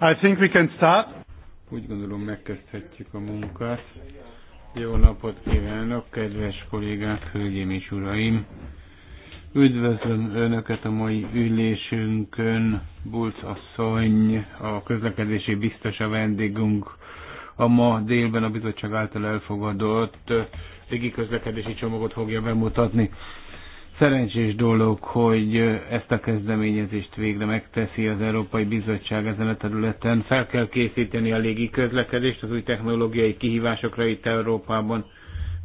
I think we can start. Úgy gondolom megkezdhetjük a munkát. Jó napot kívánok, kedves kollégák, hölgyeim és uraim! Üdvözlöm Önöket a mai ülésünkön. Bulc asszony, a közlekedési biztos a vendégünk. A ma délben a bizottság által elfogadott egyik közlekedési csomagot fogja bemutatni. Szerencsés dolog, hogy ezt a kezdeményezést végre megteszi az Európai Bizottság ezen a területen. Fel kell készíteni a légi közlekedést az új technológiai kihívásokra itt Európában,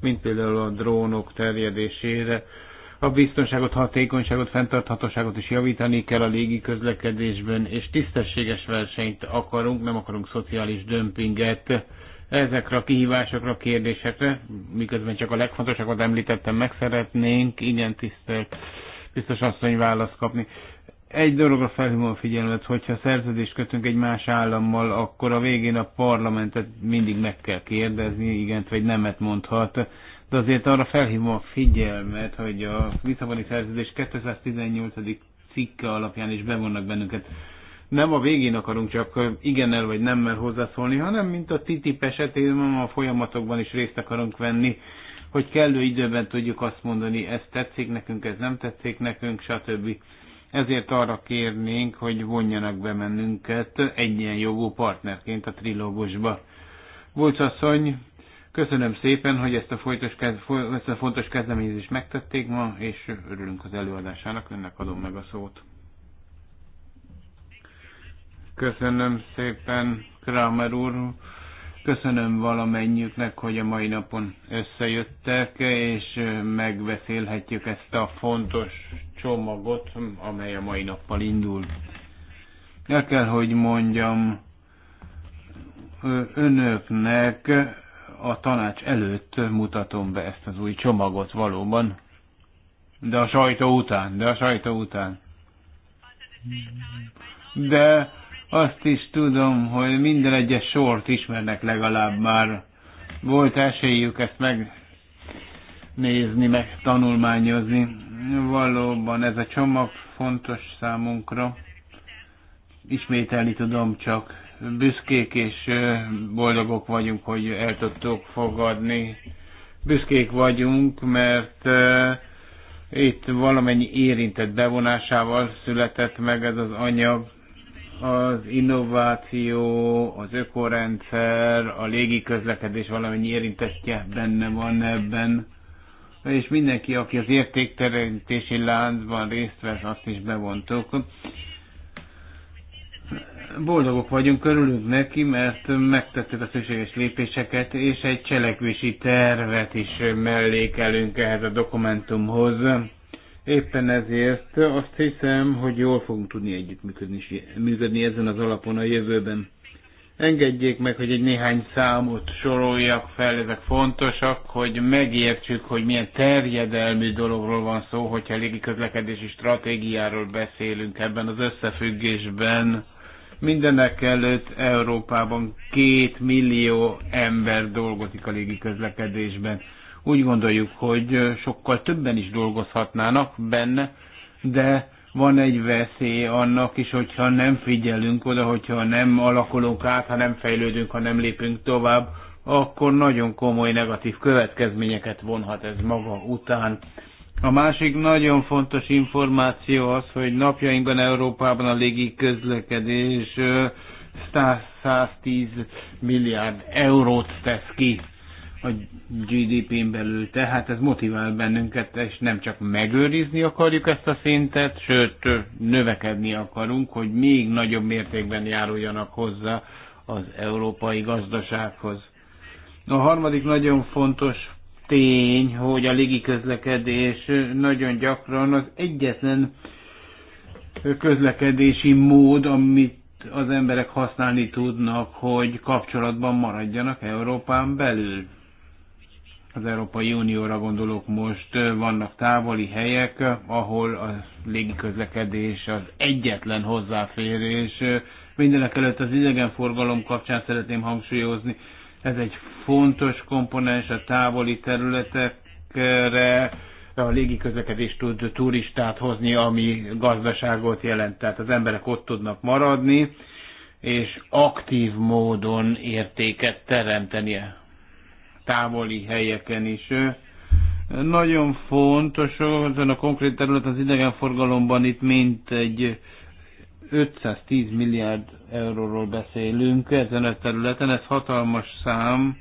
mint például a drónok terjedésére. A biztonságot, hatékonyságot, fenntarthatóságot is javítani kell a légi közlekedésben, és tisztességes versenyt akarunk, nem akarunk szociális dömpinget ezekre a kihívásokra, kérdésekre, miközben csak a legfontosabbat említettem, meg szeretnénk, igen tisztelt biztos asszony választ kapni. Egy dologra felhívom a figyelmet, hogyha szerződést kötünk egy más állammal, akkor a végén a parlamentet mindig meg kell kérdezni, igent vagy nemet mondhat. De azért arra felhívom a figyelmet, hogy a Lisszaboni szerződés 218. cikke alapján is bevonnak bennünket nem a végén akarunk csak igennel vagy nemmel hozzászólni, hanem mint a TTIP esetében a folyamatokban is részt akarunk venni, hogy kellő időben tudjuk azt mondani, ez tetszik nekünk, ez nem tetszik nekünk, stb. Ezért arra kérnénk, hogy vonjanak be ilyen jogú partnerként a trilógusba. Bulc asszony, köszönöm szépen, hogy ezt a, folytos, ezt a fontos kezdeményezést megtették ma, és örülünk az előadásának, önnek adom meg a szót. Köszönöm szépen, Kramer úr. Köszönöm valamennyüknek, hogy a mai napon összejöttek, és megbeszélhetjük ezt a fontos csomagot, amely a mai nappal indult. El kell, hogy mondjam, önöknek a tanács előtt mutatom be ezt az új csomagot valóban, de a sajtó után, de a sajtó után. De azt is tudom, hogy minden egyes sort ismernek legalább már. Volt esélyük ezt megnézni, meg tanulmányozni. Valóban ez a csomag fontos számunkra. Ismételni tudom csak. Büszkék és boldogok vagyunk, hogy el tudtuk fogadni. Büszkék vagyunk, mert itt valamennyi érintett bevonásával született meg ez az anyag az innováció, az ökorendszer, a légi közlekedés valamennyi érintettje benne van ebben, és mindenki, aki az értékteremtési láncban részt vesz, azt is bevontuk. Boldogok vagyunk, körülünk neki, mert megtettük a szükséges lépéseket, és egy cselekvési tervet is mellékelünk ehhez a dokumentumhoz Éppen ezért azt hiszem, hogy jól fogunk tudni együttműködni működni ezen az alapon a jövőben. Engedjék meg, hogy egy néhány számot soroljak fel, ezek fontosak, hogy megértsük, hogy milyen terjedelmű dologról van szó, hogyha légiközlekedési stratégiáról beszélünk ebben az összefüggésben. Mindenek előtt Európában két millió ember dolgozik a légiközlekedésben. közlekedésben úgy gondoljuk, hogy sokkal többen is dolgozhatnának benne, de van egy veszély annak is, hogyha nem figyelünk oda, hogyha nem alakulunk át, ha nem fejlődünk, ha nem lépünk tovább, akkor nagyon komoly negatív következményeket vonhat ez maga után. A másik nagyon fontos információ az, hogy napjainkban Európában a légi közlekedés 110 milliárd eurót tesz ki a GDP-n belül, tehát ez motivál bennünket, és nem csak megőrizni akarjuk ezt a szintet, sőt, növekedni akarunk, hogy még nagyobb mértékben járuljanak hozzá az európai gazdasághoz. A harmadik nagyon fontos tény, hogy a légiközlekedés nagyon gyakran az egyetlen közlekedési mód, amit az emberek használni tudnak, hogy kapcsolatban maradjanak Európán belül az Európai Unióra gondolok most, vannak távoli helyek, ahol a közlekedés az egyetlen hozzáférés. Mindenek előtt az idegenforgalom kapcsán szeretném hangsúlyozni, ez egy fontos komponens a távoli területekre, a közlekedés tud turistát hozni, ami gazdaságot jelent, tehát az emberek ott tudnak maradni, és aktív módon értéket teremtenie távoli helyeken is. Nagyon fontos, ezen a konkrét terület az idegenforgalomban itt mint egy 510 milliárd euróról beszélünk ezen a területen, ez hatalmas szám,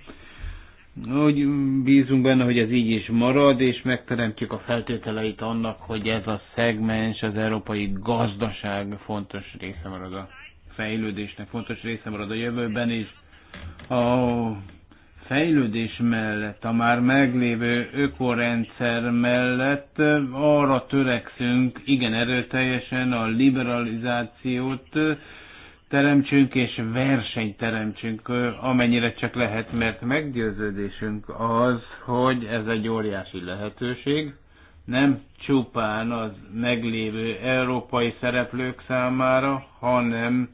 úgy bízunk benne, hogy ez így is marad, és megteremtjük a feltételeit annak, hogy ez a szegmens az európai gazdaság fontos része marad a fejlődésnek, fontos része marad a jövőben is. A fejlődés mellett, a már meglévő ökorendszer mellett arra törekszünk igen erőteljesen a liberalizációt teremtsünk és versenyt teremtsünk, amennyire csak lehet, mert meggyőződésünk az, hogy ez egy óriási lehetőség, nem csupán az meglévő európai szereplők számára, hanem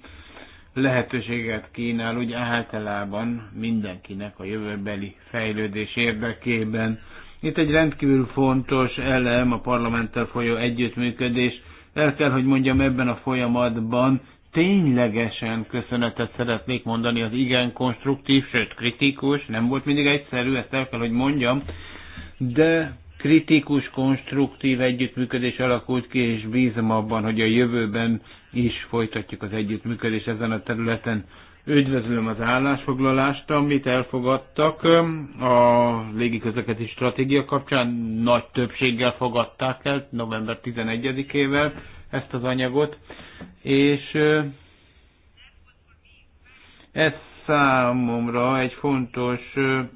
lehetőséget kínál úgy általában mindenkinek a jövőbeli fejlődés érdekében. Itt egy rendkívül fontos elem a parlamenttel folyó együttműködés. El kell, hogy mondjam, ebben a folyamatban ténylegesen köszönetet szeretnék mondani az igen konstruktív, sőt kritikus, nem volt mindig egyszerű, ezt el kell, hogy mondjam, de kritikus, konstruktív együttműködés alakult ki, és bízom abban, hogy a jövőben is folytatjuk az együttműködést ezen a területen. Üdvözlöm az állásfoglalást, amit elfogadtak a légiközlekedési stratégia kapcsán. Nagy többséggel fogadták el, november 11-ével ezt az anyagot, és ez számomra egy fontos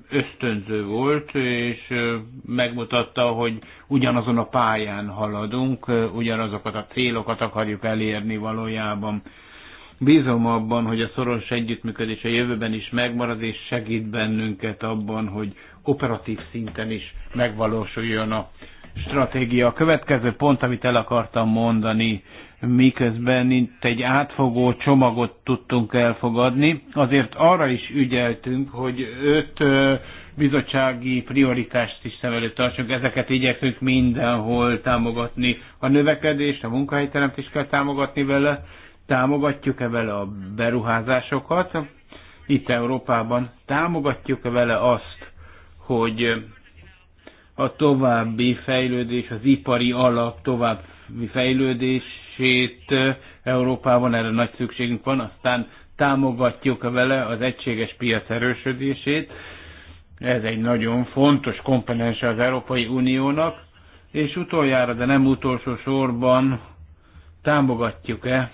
ösztönző volt, és megmutatta, hogy ugyanazon a pályán haladunk, ugyanazokat a célokat akarjuk elérni valójában. Bízom abban, hogy a szoros együttműködés a jövőben is megmarad, és segít bennünket abban, hogy operatív szinten is megvalósuljon a stratégia. A következő pont, amit el akartam mondani, miközben itt egy átfogó csomagot tudtunk elfogadni, azért arra is ügyeltünk, hogy öt bizottsági prioritást is szem előtt tartsunk, ezeket igyekszünk mindenhol támogatni. A növekedést, a munkahelyteremtést kell támogatni vele, támogatjuk-e vele a beruházásokat itt Európában, támogatjuk-e vele azt, hogy a további fejlődés, az ipari alap további fejlődését Európában erre nagy szükségünk van, aztán támogatjuk vele az egységes piac erősödését. Ez egy nagyon fontos komponense az Európai Uniónak, és utoljára, de nem utolsó sorban támogatjuk-e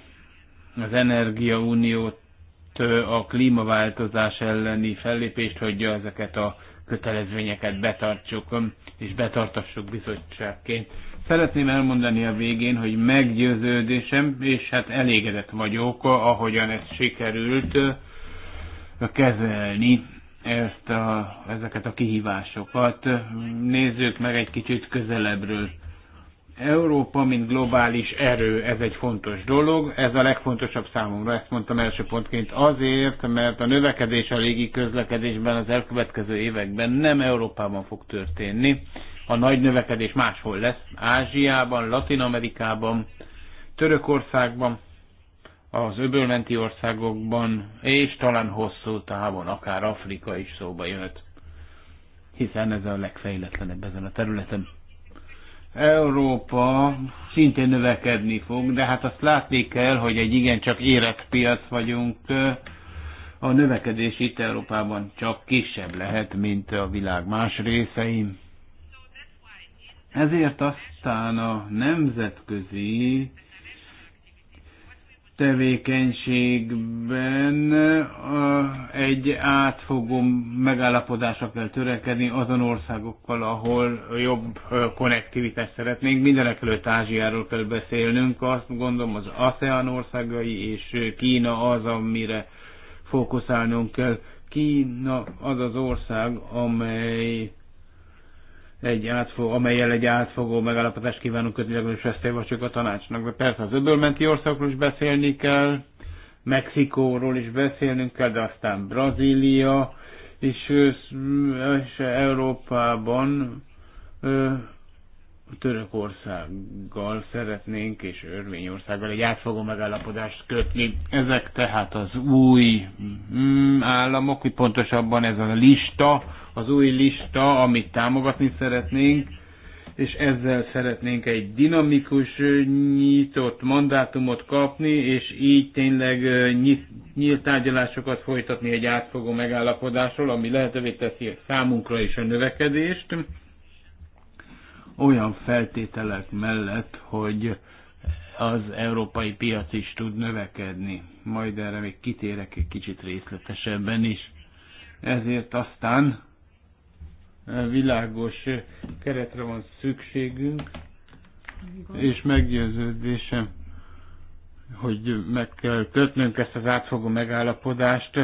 az energiauniót, a klímaváltozás elleni fellépést, hogy ezeket a kötelezvényeket betartsuk, és betartassuk bizottságként. Szeretném elmondani a végén, hogy meggyőződésem, és hát elégedett vagyok, ahogyan ez sikerült kezelni ezt a, ezeket a kihívásokat. Nézzük meg egy kicsit közelebbről. Európa, mint globális erő, ez egy fontos dolog, ez a legfontosabb számomra, ezt mondtam első pontként, azért, mert a növekedés a légi közlekedésben az elkövetkező években nem Európában fog történni, a nagy növekedés máshol lesz, Ázsiában, Latin Amerikában, Törökországban, az öbölmenti országokban, és talán hosszú távon akár Afrika is szóba jött, hiszen ez a legfejletlenebb ezen a területen. Európa szintén növekedni fog, de hát azt látni kell, hogy egy igencsak érett piac vagyunk. A növekedés itt Európában csak kisebb lehet, mint a világ más részein. Ezért aztán a nemzetközi tevékenységben egy átfogó megállapodásra kell törekedni azon országokkal, ahol jobb konnektivitást szeretnénk. Mindenek előtt Ázsiáról kell beszélnünk, azt gondolom az ASEAN országai és Kína az, amire fókuszálnunk kell. Kína az az ország, amely egy átfogó, amelyel egy átfogó megállapodást kívánunk kötni, legalábbis ezt javasoljuk a tanácsnak. De persze az öbölmenti országokról is beszélni kell, Mexikóról is beszélnünk kell, de aztán Brazília, és, és Európában ö, Törökországgal szeretnénk, és Örményországgal egy átfogó megállapodást kötni. Ezek tehát az új mm, államok, hogy pontosabban ez a lista, az új lista, amit támogatni szeretnénk, és ezzel szeretnénk egy dinamikus, nyitott mandátumot kapni, és így tényleg nyit, nyílt tárgyalásokat folytatni egy átfogó megállapodásról, ami lehetővé teszi számunkra is a növekedést, olyan feltételek mellett, hogy az európai piac is tud növekedni. Majd erre még kitérek egy kicsit részletesebben is. Ezért aztán világos keretre van szükségünk, és meggyőződésem, hogy meg kell kötnünk ezt az átfogó megállapodást,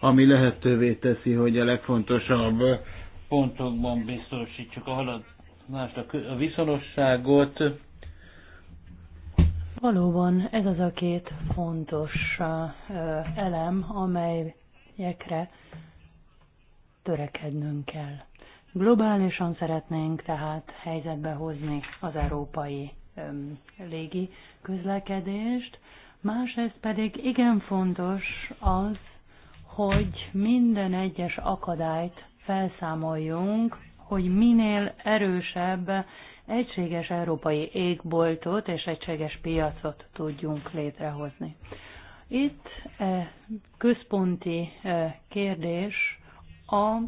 ami lehetővé teszi, hogy a legfontosabb pontokban biztosítsuk a haladást, a viszonosságot. Valóban ez az a két fontos elem, amelyekre törekednünk kell. Globálisan szeretnénk tehát helyzetbe hozni az európai öm, légi közlekedést, másrészt pedig igen fontos az, hogy minden egyes akadályt felszámoljunk, hogy minél erősebb egységes európai égboltot és egységes piacot tudjunk létrehozni. Itt e, központi e, kérdés a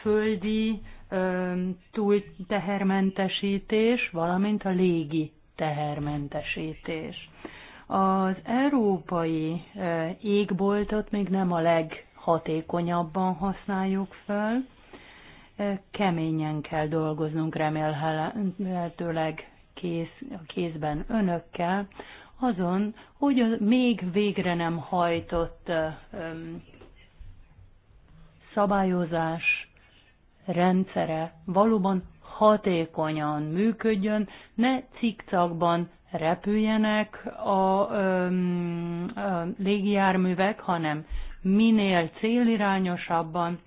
földi túltehermentesítés, valamint a légi tehermentesítés. Az európai égboltot még nem a leghatékonyabban használjuk fel, keményen kell dolgoznunk remélhetőleg kéz, kézben önökkel, azon, hogy a még végre nem hajtott szabályozás rendszere valóban hatékonyan működjön, ne cikcakban repüljenek a ö, ö, légijárművek, hanem minél célirányosabban,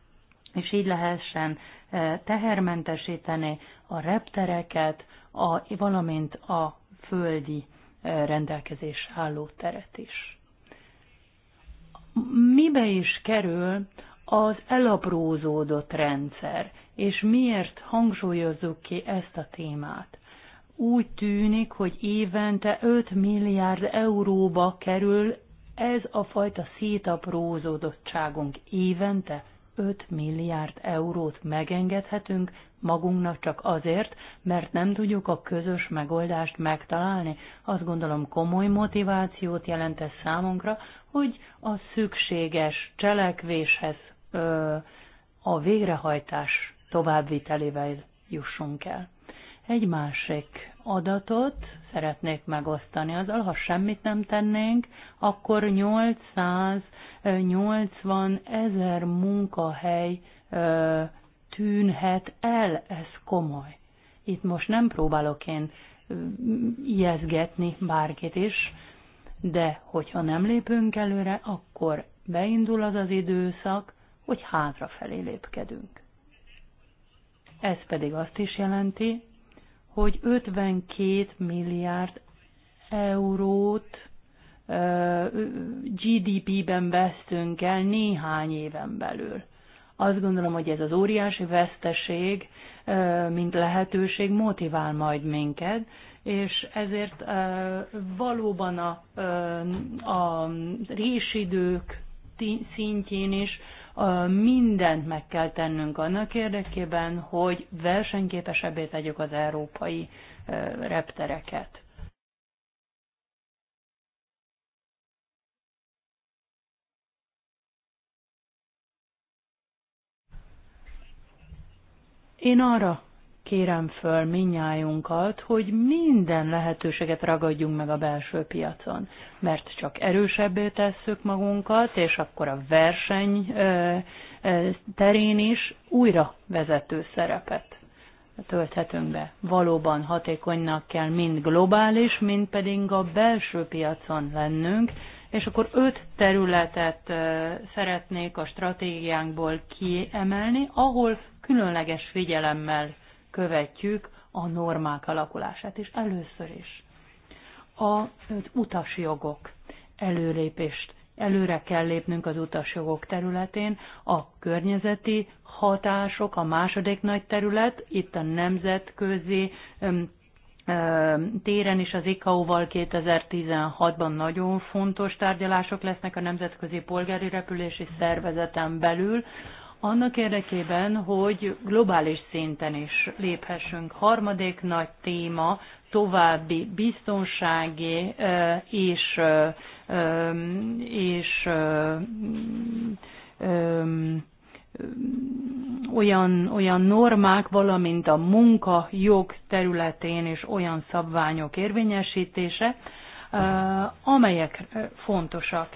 és így lehessen e, tehermentesíteni a reptereket, a, valamint a földi e, rendelkezés álló teret is. Mibe is kerül az elaprózódott rendszer, és miért hangsúlyozzuk ki ezt a témát. Úgy tűnik, hogy évente 5 milliárd euróba kerül ez a fajta szétaprózódottságunk. Évente 5 milliárd eurót megengedhetünk magunknak csak azért, mert nem tudjuk a közös megoldást megtalálni. Azt gondolom komoly motivációt jelent ez számunkra, hogy a szükséges cselekvéshez a végrehajtás továbbvitelével jussunk el. Egy másik adatot szeretnék megosztani. Azzal, ha semmit nem tennénk, akkor 880 ezer munkahely tűnhet el, ez komoly. Itt most nem próbálok én ijeszgetni bárkit is, de hogyha nem lépünk előre, akkor beindul az az időszak, hogy hátrafelé lépkedünk. Ez pedig azt is jelenti, hogy 52 milliárd eurót GDP-ben vesztünk el néhány éven belül. Azt gondolom, hogy ez az óriási veszteség, mint lehetőség motivál majd minket, és ezért valóban a, a résidők szintjén is mindent meg kell tennünk annak érdekében, hogy versenyképesebbé tegyük az európai reptereket. Én arra kérem föl minnyájunkat, hogy minden lehetőséget ragadjunk meg a belső piacon, mert csak erősebbé tesszük magunkat, és akkor a verseny terén is újra vezető szerepet tölthetünk be. Valóban hatékonynak kell mind globális, mind pedig a belső piacon lennünk, és akkor öt területet szeretnék a stratégiánkból kiemelni, ahol különleges figyelemmel követjük a normák alakulását, és először is az utasjogok előlépést. Előre kell lépnünk az utasjogok területén, a környezeti hatások, a második nagy terület, itt a nemzetközi téren is az ICAO-val 2016-ban nagyon fontos tárgyalások lesznek a Nemzetközi Polgári Repülési Szervezeten belül annak érdekében, hogy globális szinten is léphessünk. Harmadik nagy téma további biztonsági és, és olyan, olyan normák, valamint a munka jog területén és olyan szabványok érvényesítése, amelyek fontosak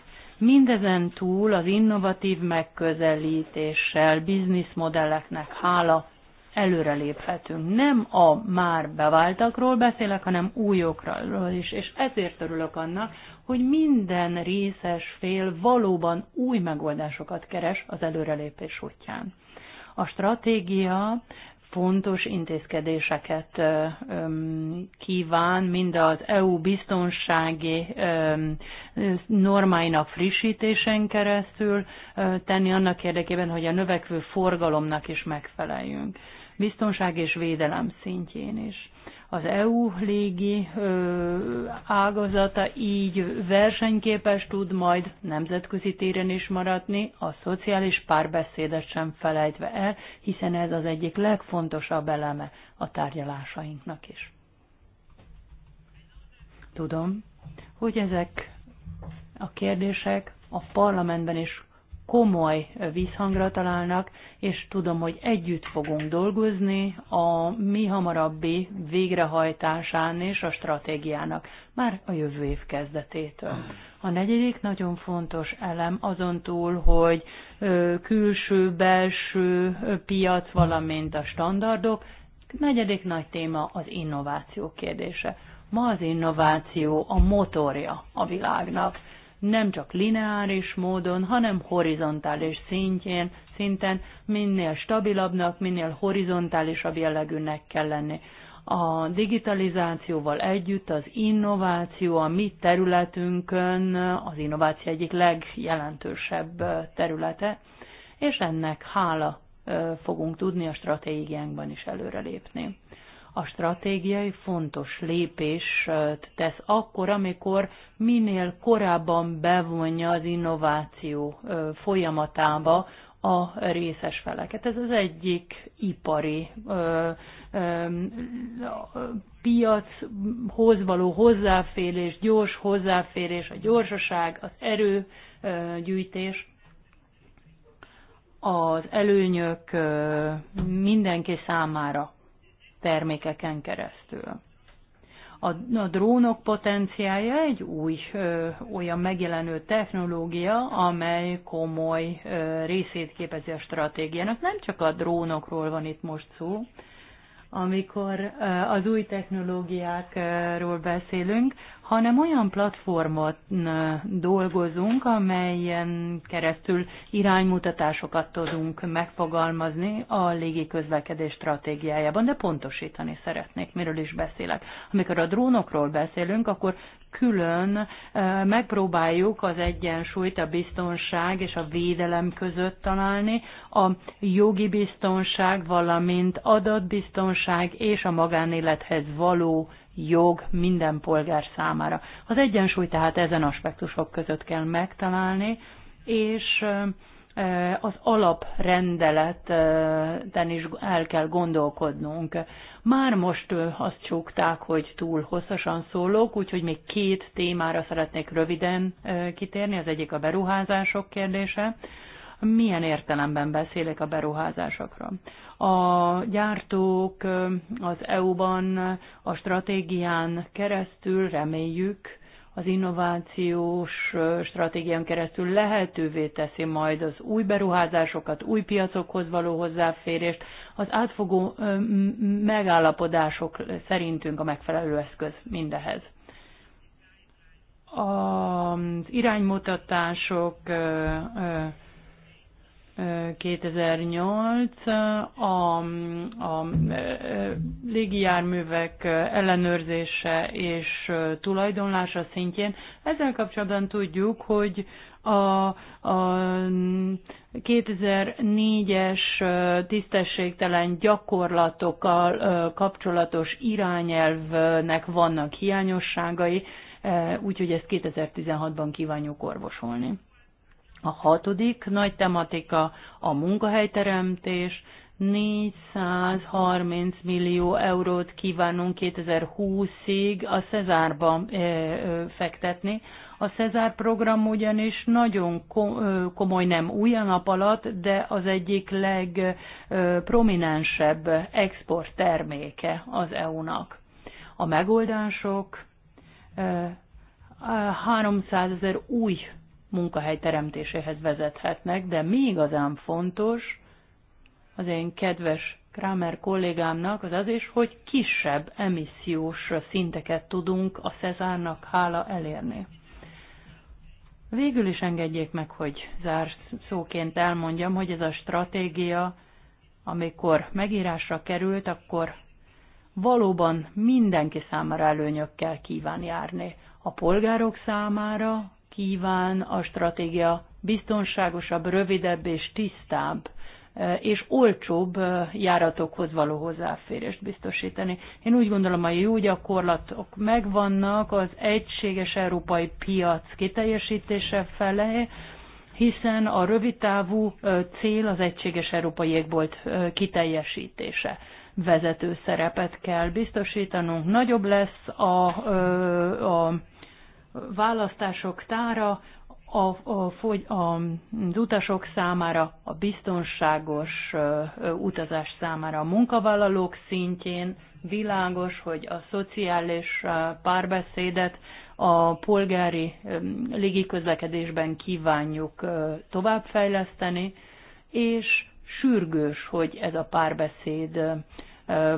Mindezen túl az innovatív megközelítéssel, bizniszmodelleknek hála előreléphetünk. Nem a már beváltakról beszélek, hanem újokról is, és ezért örülök annak, hogy minden részes fél valóban új megoldásokat keres az előrelépés útján. A stratégia fontos intézkedéseket kíván, mind az EU biztonsági normáinak frissítésen keresztül tenni annak érdekében, hogy a növekvő forgalomnak is megfeleljünk. Biztonság és védelem szintjén is az EU légi ágazata így versenyképes tud majd nemzetközi téren is maradni, a szociális párbeszédet sem felejtve el, hiszen ez az egyik legfontosabb eleme a tárgyalásainknak is. Tudom, hogy ezek a kérdések a parlamentben is komoly vízhangra találnak, és tudom, hogy együtt fogunk dolgozni a mi hamarabbi végrehajtásán és a stratégiának, már a jövő év kezdetétől. A negyedik nagyon fontos elem azon túl, hogy külső-belső piac, valamint a standardok, a negyedik nagy téma az innováció kérdése. Ma az innováció a motorja a világnak nem csak lineáris módon, hanem horizontális szintjén, szinten minél stabilabbnak, minél horizontálisabb jellegűnek kell lenni. A digitalizációval együtt az innováció a mi területünkön az innováció egyik legjelentősebb területe, és ennek hála fogunk tudni a stratégiánkban is előrelépni a stratégiai fontos lépést tesz akkor, amikor minél korábban bevonja az innováció folyamatába a részes feleket. Ez az egyik ipari piachoz való hozzáférés, gyors hozzáférés, a gyorsaság, az erőgyűjtés, az előnyök mindenki számára termékeken keresztül. A, a drónok potenciája egy új ö, olyan megjelenő technológia, amely komoly ö, részét képezi a stratégiának. Nem csak a drónokról van itt most szó, amikor az új technológiákról beszélünk, hanem olyan platformot dolgozunk, amelyen keresztül iránymutatásokat tudunk megfogalmazni a légiközlekedés stratégiájában, de pontosítani szeretnék, miről is beszélek. Amikor a drónokról beszélünk, akkor külön megpróbáljuk az egyensúlyt a biztonság és a védelem között találni, a jogi biztonság, valamint adatbiztonság és a magánélethez való jog minden polgár számára. Az egyensúly tehát ezen aspektusok között kell megtalálni, és az alaprendeleten is el kell gondolkodnunk. Már most azt csukták, hogy túl hosszasan szólok, úgyhogy még két témára szeretnék röviden kitérni. Az egyik a beruházások kérdése milyen értelemben beszélek a beruházásokra. A gyártók az EU-ban a stratégián keresztül reméljük, az innovációs stratégián keresztül lehetővé teszi majd az új beruházásokat, új piacokhoz való hozzáférést. Az átfogó megállapodások szerintünk a megfelelő eszköz mindehez. Az iránymutatások 2008 a, a légijárművek ellenőrzése és tulajdonlása szintjén. Ezzel kapcsolatban tudjuk, hogy a, a 2004-es tisztességtelen gyakorlatokkal kapcsolatos irányelvnek vannak hiányosságai, úgyhogy ezt 2016-ban kívánjuk orvosolni. A hatodik nagy tematika a munkahelyteremtés, 430 millió eurót kívánunk 2020-ig a Cezárba fektetni. A Cezár program ugyanis nagyon komoly, nem új nap alatt, de az egyik legprominensebb exportterméke az EU-nak. A megoldások 300 ezer új munkahely teremtéséhez vezethetnek, de mi igazán fontos az én kedves Kramer kollégámnak az az is, hogy kisebb emissziós szinteket tudunk a Cezárnak hála elérni. Végül is engedjék meg, hogy zárszóként elmondjam, hogy ez a stratégia, amikor megírásra került, akkor valóban mindenki számára előnyökkel kíván járni. A polgárok számára, kíván a stratégia biztonságosabb, rövidebb és tisztább e, és olcsóbb e, járatokhoz való hozzáférést biztosítani. Én úgy gondolom, a jó gyakorlatok megvannak az egységes európai piac kiteljesítése felé, hiszen a rövidtávú e, cél az egységes európai égbolt kiteljesítése. Vezető szerepet kell biztosítanunk, nagyobb lesz a, a választások tára a, a, fogy, a, az utasok számára, a biztonságos utazás számára, a munkavállalók szintjén világos, hogy a szociális párbeszédet a polgári légiközlekedésben kívánjuk továbbfejleszteni, és sürgős, hogy ez a párbeszéd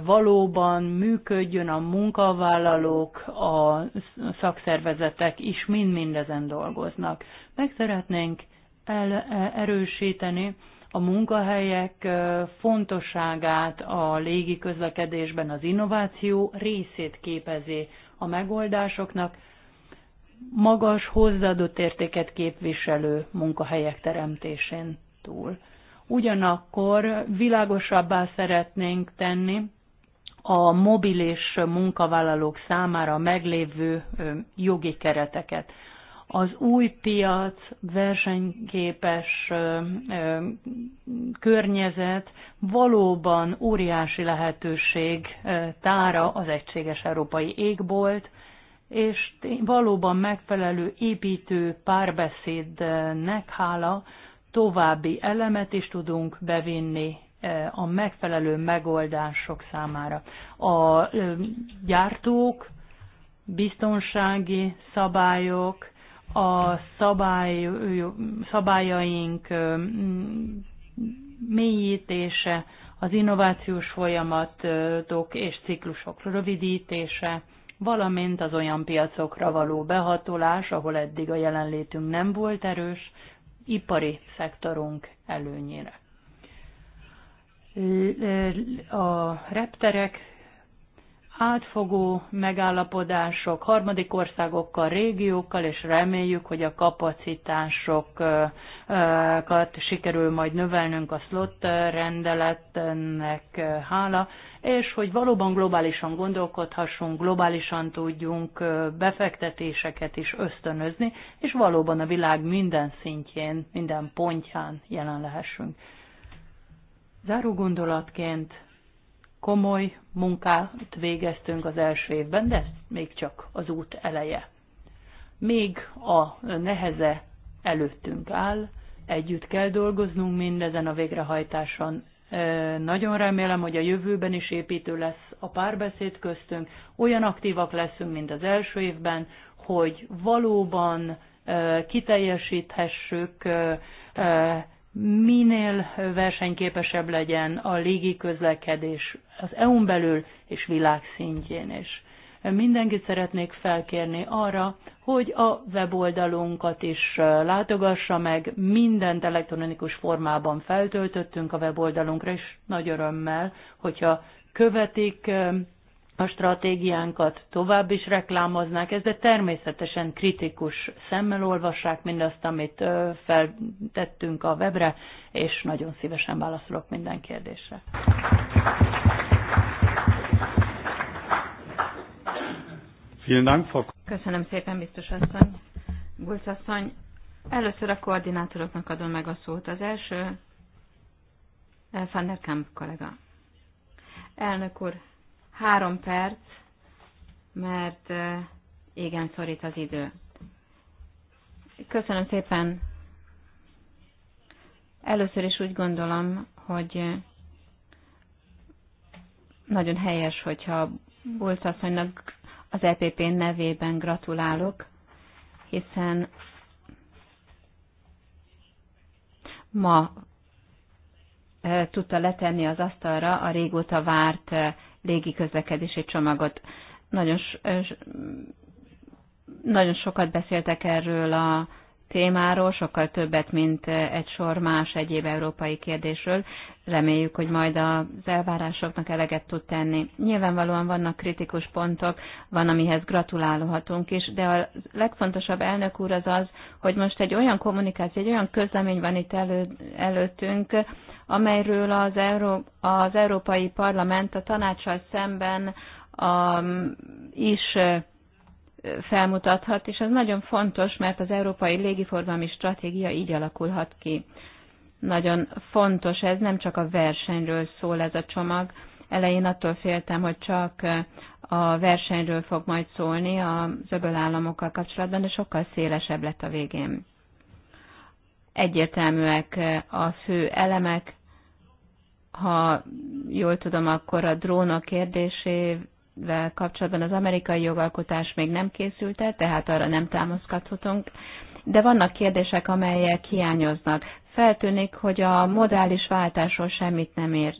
valóban működjön a munkavállalók, a szakszervezetek is mind mindezen dolgoznak. Meg szeretnénk el, e, erősíteni a munkahelyek fontosságát a légi közlekedésben az innováció részét képezi a megoldásoknak, magas hozzáadott értéket képviselő munkahelyek teremtésén túl. Ugyanakkor világosabbá szeretnénk tenni a mobilis munkavállalók számára meglévő jogi kereteket. Az új piac, versenyképes környezet valóban óriási lehetőség tára az egységes európai égbolt, és valóban megfelelő építő párbeszédnek hála további elemet is tudunk bevinni e, a megfelelő megoldások számára. A gyártók, biztonsági szabályok, a szabály, szabályaink mélyítése, az innovációs folyamatok és ciklusok rövidítése, valamint az olyan piacokra való behatolás, ahol eddig a jelenlétünk nem volt erős, ipari szektorunk előnyére. A repterek átfogó megállapodások harmadik országokkal, régiókkal, és reméljük, hogy a kapacitásokat sikerül majd növelnünk a slot rendeletnek hála, és hogy valóban globálisan gondolkodhassunk, globálisan tudjunk befektetéseket is ösztönözni, és valóban a világ minden szintjén, minden pontján jelen lehessünk. Záró gondolatként komoly munkát végeztünk az első évben, de ez még csak az út eleje. Még a neheze előttünk áll, együtt kell dolgoznunk mindezen a végrehajtáson, nagyon remélem, hogy a jövőben is építő lesz a párbeszéd köztünk. Olyan aktívak leszünk, mint az első évben, hogy valóban kiteljesíthessük, minél versenyképesebb legyen a légi közlekedés az EU-n belül és világszintjén is. Mindenkit szeretnék felkérni arra, hogy a weboldalunkat is látogassa meg, mindent elektronikus formában feltöltöttünk a weboldalunkra, és nagy örömmel, hogyha követik a stratégiánkat, tovább is reklámoznák Ez de természetesen kritikus szemmel olvassák mindazt, amit feltettünk a webre, és nagyon szívesen válaszolok minden kérdésre. Köszönöm szépen, biztos asszony. Bulc asszony, először a koordinátoroknak adom meg a szót. Az első, Van der Kamp kollega. Elnök úr, három perc, mert igen, szorít az idő. Köszönöm szépen. Először is úgy gondolom, hogy nagyon helyes, hogyha Bulc asszonynak az EPP nevében gratulálok, hiszen ma tudta letenni az asztalra a régóta várt légi közlekedési csomagot. Nagyon, nagyon sokat beszéltek erről a témáról, sokkal többet, mint egy sor más egyéb európai kérdésről. Reméljük, hogy majd az elvárásoknak eleget tud tenni. Nyilvánvalóan vannak kritikus pontok, van, amihez gratulálhatunk is, de a legfontosabb elnök úr az az, hogy most egy olyan kommunikáció, egy olyan közlemény van itt elő, előttünk, amelyről az, Euró, az Európai Parlament a tanácssal szemben a, um, is felmutathat, és ez nagyon fontos, mert az európai légiforgalmi stratégia így alakulhat ki. Nagyon fontos ez, nem csak a versenyről szól ez a csomag. Elején attól féltem, hogy csak a versenyről fog majd szólni a zöböl államokkal kapcsolatban, de sokkal szélesebb lett a végén. Egyértelműek a fő elemek, ha jól tudom, akkor a drónok kérdésé amivel kapcsolatban az amerikai jogalkotás még nem készült el, tehát arra nem támaszkodhatunk. De vannak kérdések, amelyek hiányoznak. Feltűnik, hogy a modális váltásról semmit nem ér.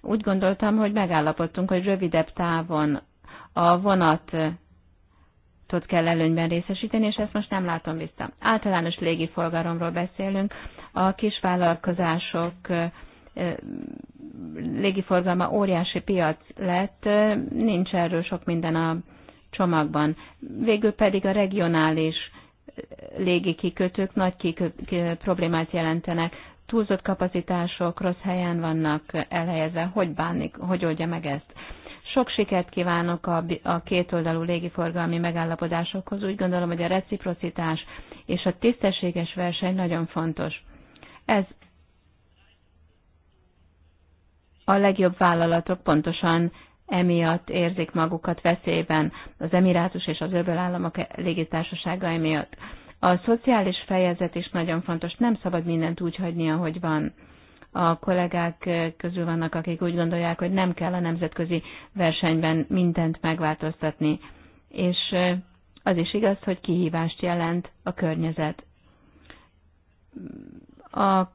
Úgy gondoltam, hogy megállapodtunk, hogy rövidebb távon a vonat ott kell előnyben részesíteni, és ezt most nem látom vissza. Általános légiforgalomról beszélünk, a kisvállalkozások légiforgalma óriási piac lett, nincs erről sok minden a csomagban. Végül pedig a regionális légikikötők nagy kikötők, problémát jelentenek. Túlzott kapacitások rossz helyen vannak elhelyezve. Hogy bánik, hogy oldja meg ezt? Sok sikert kívánok a, a kétoldalú légiforgalmi megállapodásokhoz. Úgy gondolom, hogy a reciprocitás és a tisztességes verseny nagyon fontos. Ez a legjobb vállalatok pontosan emiatt érzik magukat veszélyben, az Emirátus és az Öböl Államok légitársasága emiatt. A szociális fejezet is nagyon fontos, nem szabad mindent úgy hagyni, ahogy van. A kollégák eh, közül vannak, akik úgy gondolják, hogy nem kell a nemzetközi versenyben mindent megváltoztatni. És eh, az is igaz, hogy kihívást jelent a környezet. A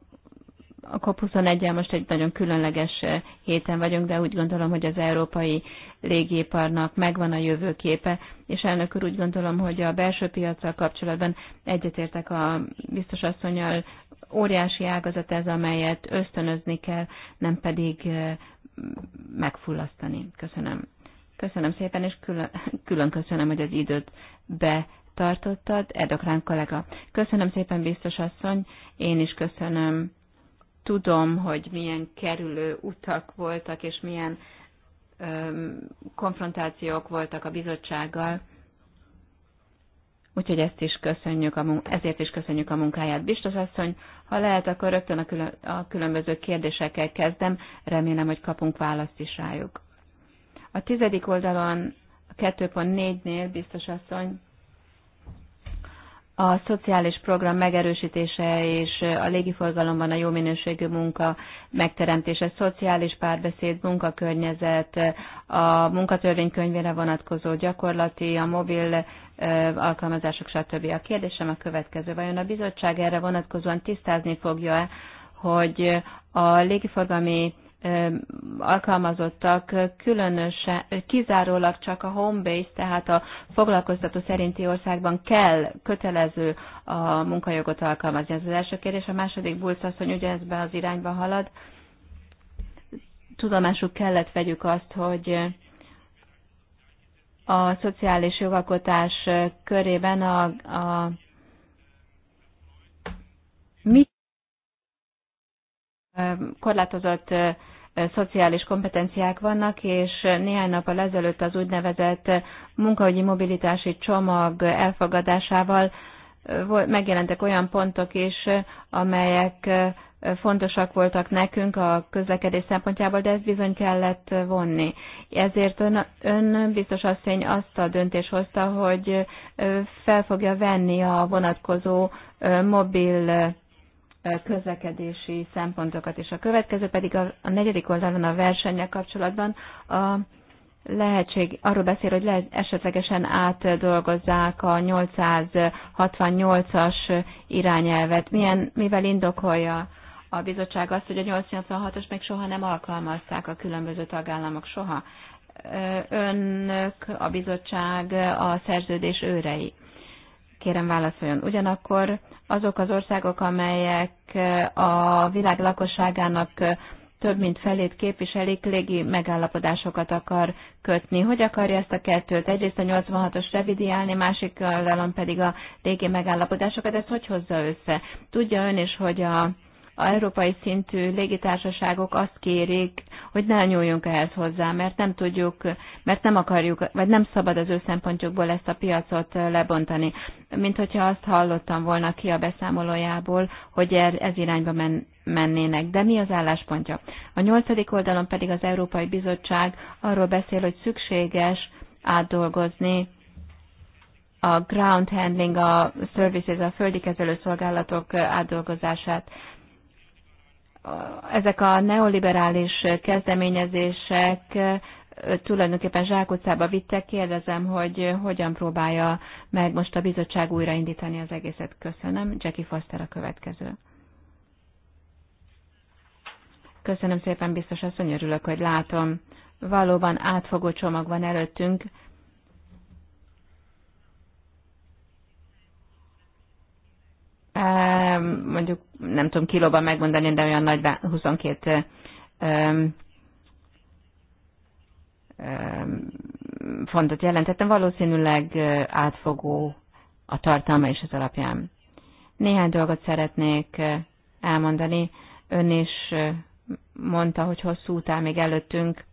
a cop 21 most egy nagyon különleges eh, héten vagyunk, de úgy gondolom, hogy az európai légiparnak megvan a jövőképe, és elnök úr úgy gondolom, hogy a belső piacsal kapcsolatban egyetértek a biztos asszonyal, óriási ágazat ez, amelyet ösztönözni kell, nem pedig eh, megfullasztani. Köszönöm. Köszönöm szépen, és külön, külön köszönöm, hogy az időt be tartottad, Edokrán kollega. Köszönöm szépen, biztos asszony, én is köszönöm tudom, hogy milyen kerülő utak voltak, és milyen öm, konfrontációk voltak a bizottsággal. Úgyhogy ezt is köszönjük a mun- ezért is köszönjük a munkáját. Biztos asszony, ha lehet, akkor rögtön a, külön- a különböző kérdésekkel kezdem, remélem, hogy kapunk választ is rájuk. A tizedik oldalon, 2.4-nél, biztos asszony, a szociális program megerősítése és a légiforgalomban a jó minőségű munka megteremtése, szociális párbeszéd, munkakörnyezet, a munkatörvénykönyvére vonatkozó gyakorlati, a mobil alkalmazások, stb. A kérdésem a következő. Vajon a bizottság erre vonatkozóan tisztázni fogja-e, hogy a légiforgalmi alkalmazottak különösen, kizárólag csak a home base, tehát a foglalkoztató szerinti országban kell kötelező a munkajogot alkalmazni. Ez az első kérdés. A második bulc az, hogy ugyanezben az irányba halad. Tudomásuk kellett vegyük azt, hogy a szociális jogalkotás körében a, a mi korlátozott szociális kompetenciák vannak, és néhány nappal ezelőtt az úgynevezett munkahogyi mobilitási csomag elfogadásával megjelentek olyan pontok is, amelyek fontosak voltak nekünk a közlekedés szempontjából, de ezt bizony kellett vonni. Ezért ön, ön biztos asszony azt a döntés hozta, hogy fel fogja venni a vonatkozó mobil közlekedési szempontokat. És a következő pedig a, a negyedik oldalon a versennyel kapcsolatban a lehetség, arról beszél, hogy lehet, esetlegesen átdolgozzák a 868-as irányelvet. Milyen, mivel indokolja a bizottság azt, hogy a 886-os még soha nem alkalmazták a különböző tagállamok soha. Önök a bizottság a szerződés őrei kérem válaszoljon. Ugyanakkor azok az országok, amelyek eh, a világ lakosságának eh, több mint felét képviselik, légi megállapodásokat akar kötni. Hogy akarja ezt a kettőt? Egyrészt a 86-os revidiálni, másik oldalon pedig a légi megállapodásokat. Ezt hogy hozza össze? Tudja ön is, hogy a a európai szintű légitársaságok azt kérik, hogy ne nyúljunk ehhez hozzá, mert nem tudjuk, mert nem akarjuk, vagy nem szabad az ő szempontjukból ezt a piacot lebontani. Mint hogyha azt hallottam volna ki a beszámolójából, hogy er, ez irányba men, mennének. De mi az álláspontja? A nyolcadik oldalon pedig az Európai Bizottság arról beszél, hogy szükséges átdolgozni a ground handling, a services, a földi kezelőszolgálatok átdolgozását ezek a neoliberális kezdeményezések tulajdonképpen zsákutcába vittek. Kérdezem, hogy hogyan próbálja meg most a bizottság újraindítani az egészet. Köszönöm. Jackie Foster a következő. Köszönöm szépen, biztos azt örülök, hogy látom. Valóban átfogó csomag van előttünk, mondjuk nem tudom kilóban megmondani, de olyan nagy 22 fontot jelentettem, valószínűleg átfogó a tartalma és az alapján. Néhány dolgot szeretnék elmondani. Ön is mondta, hogy hosszú után még előttünk.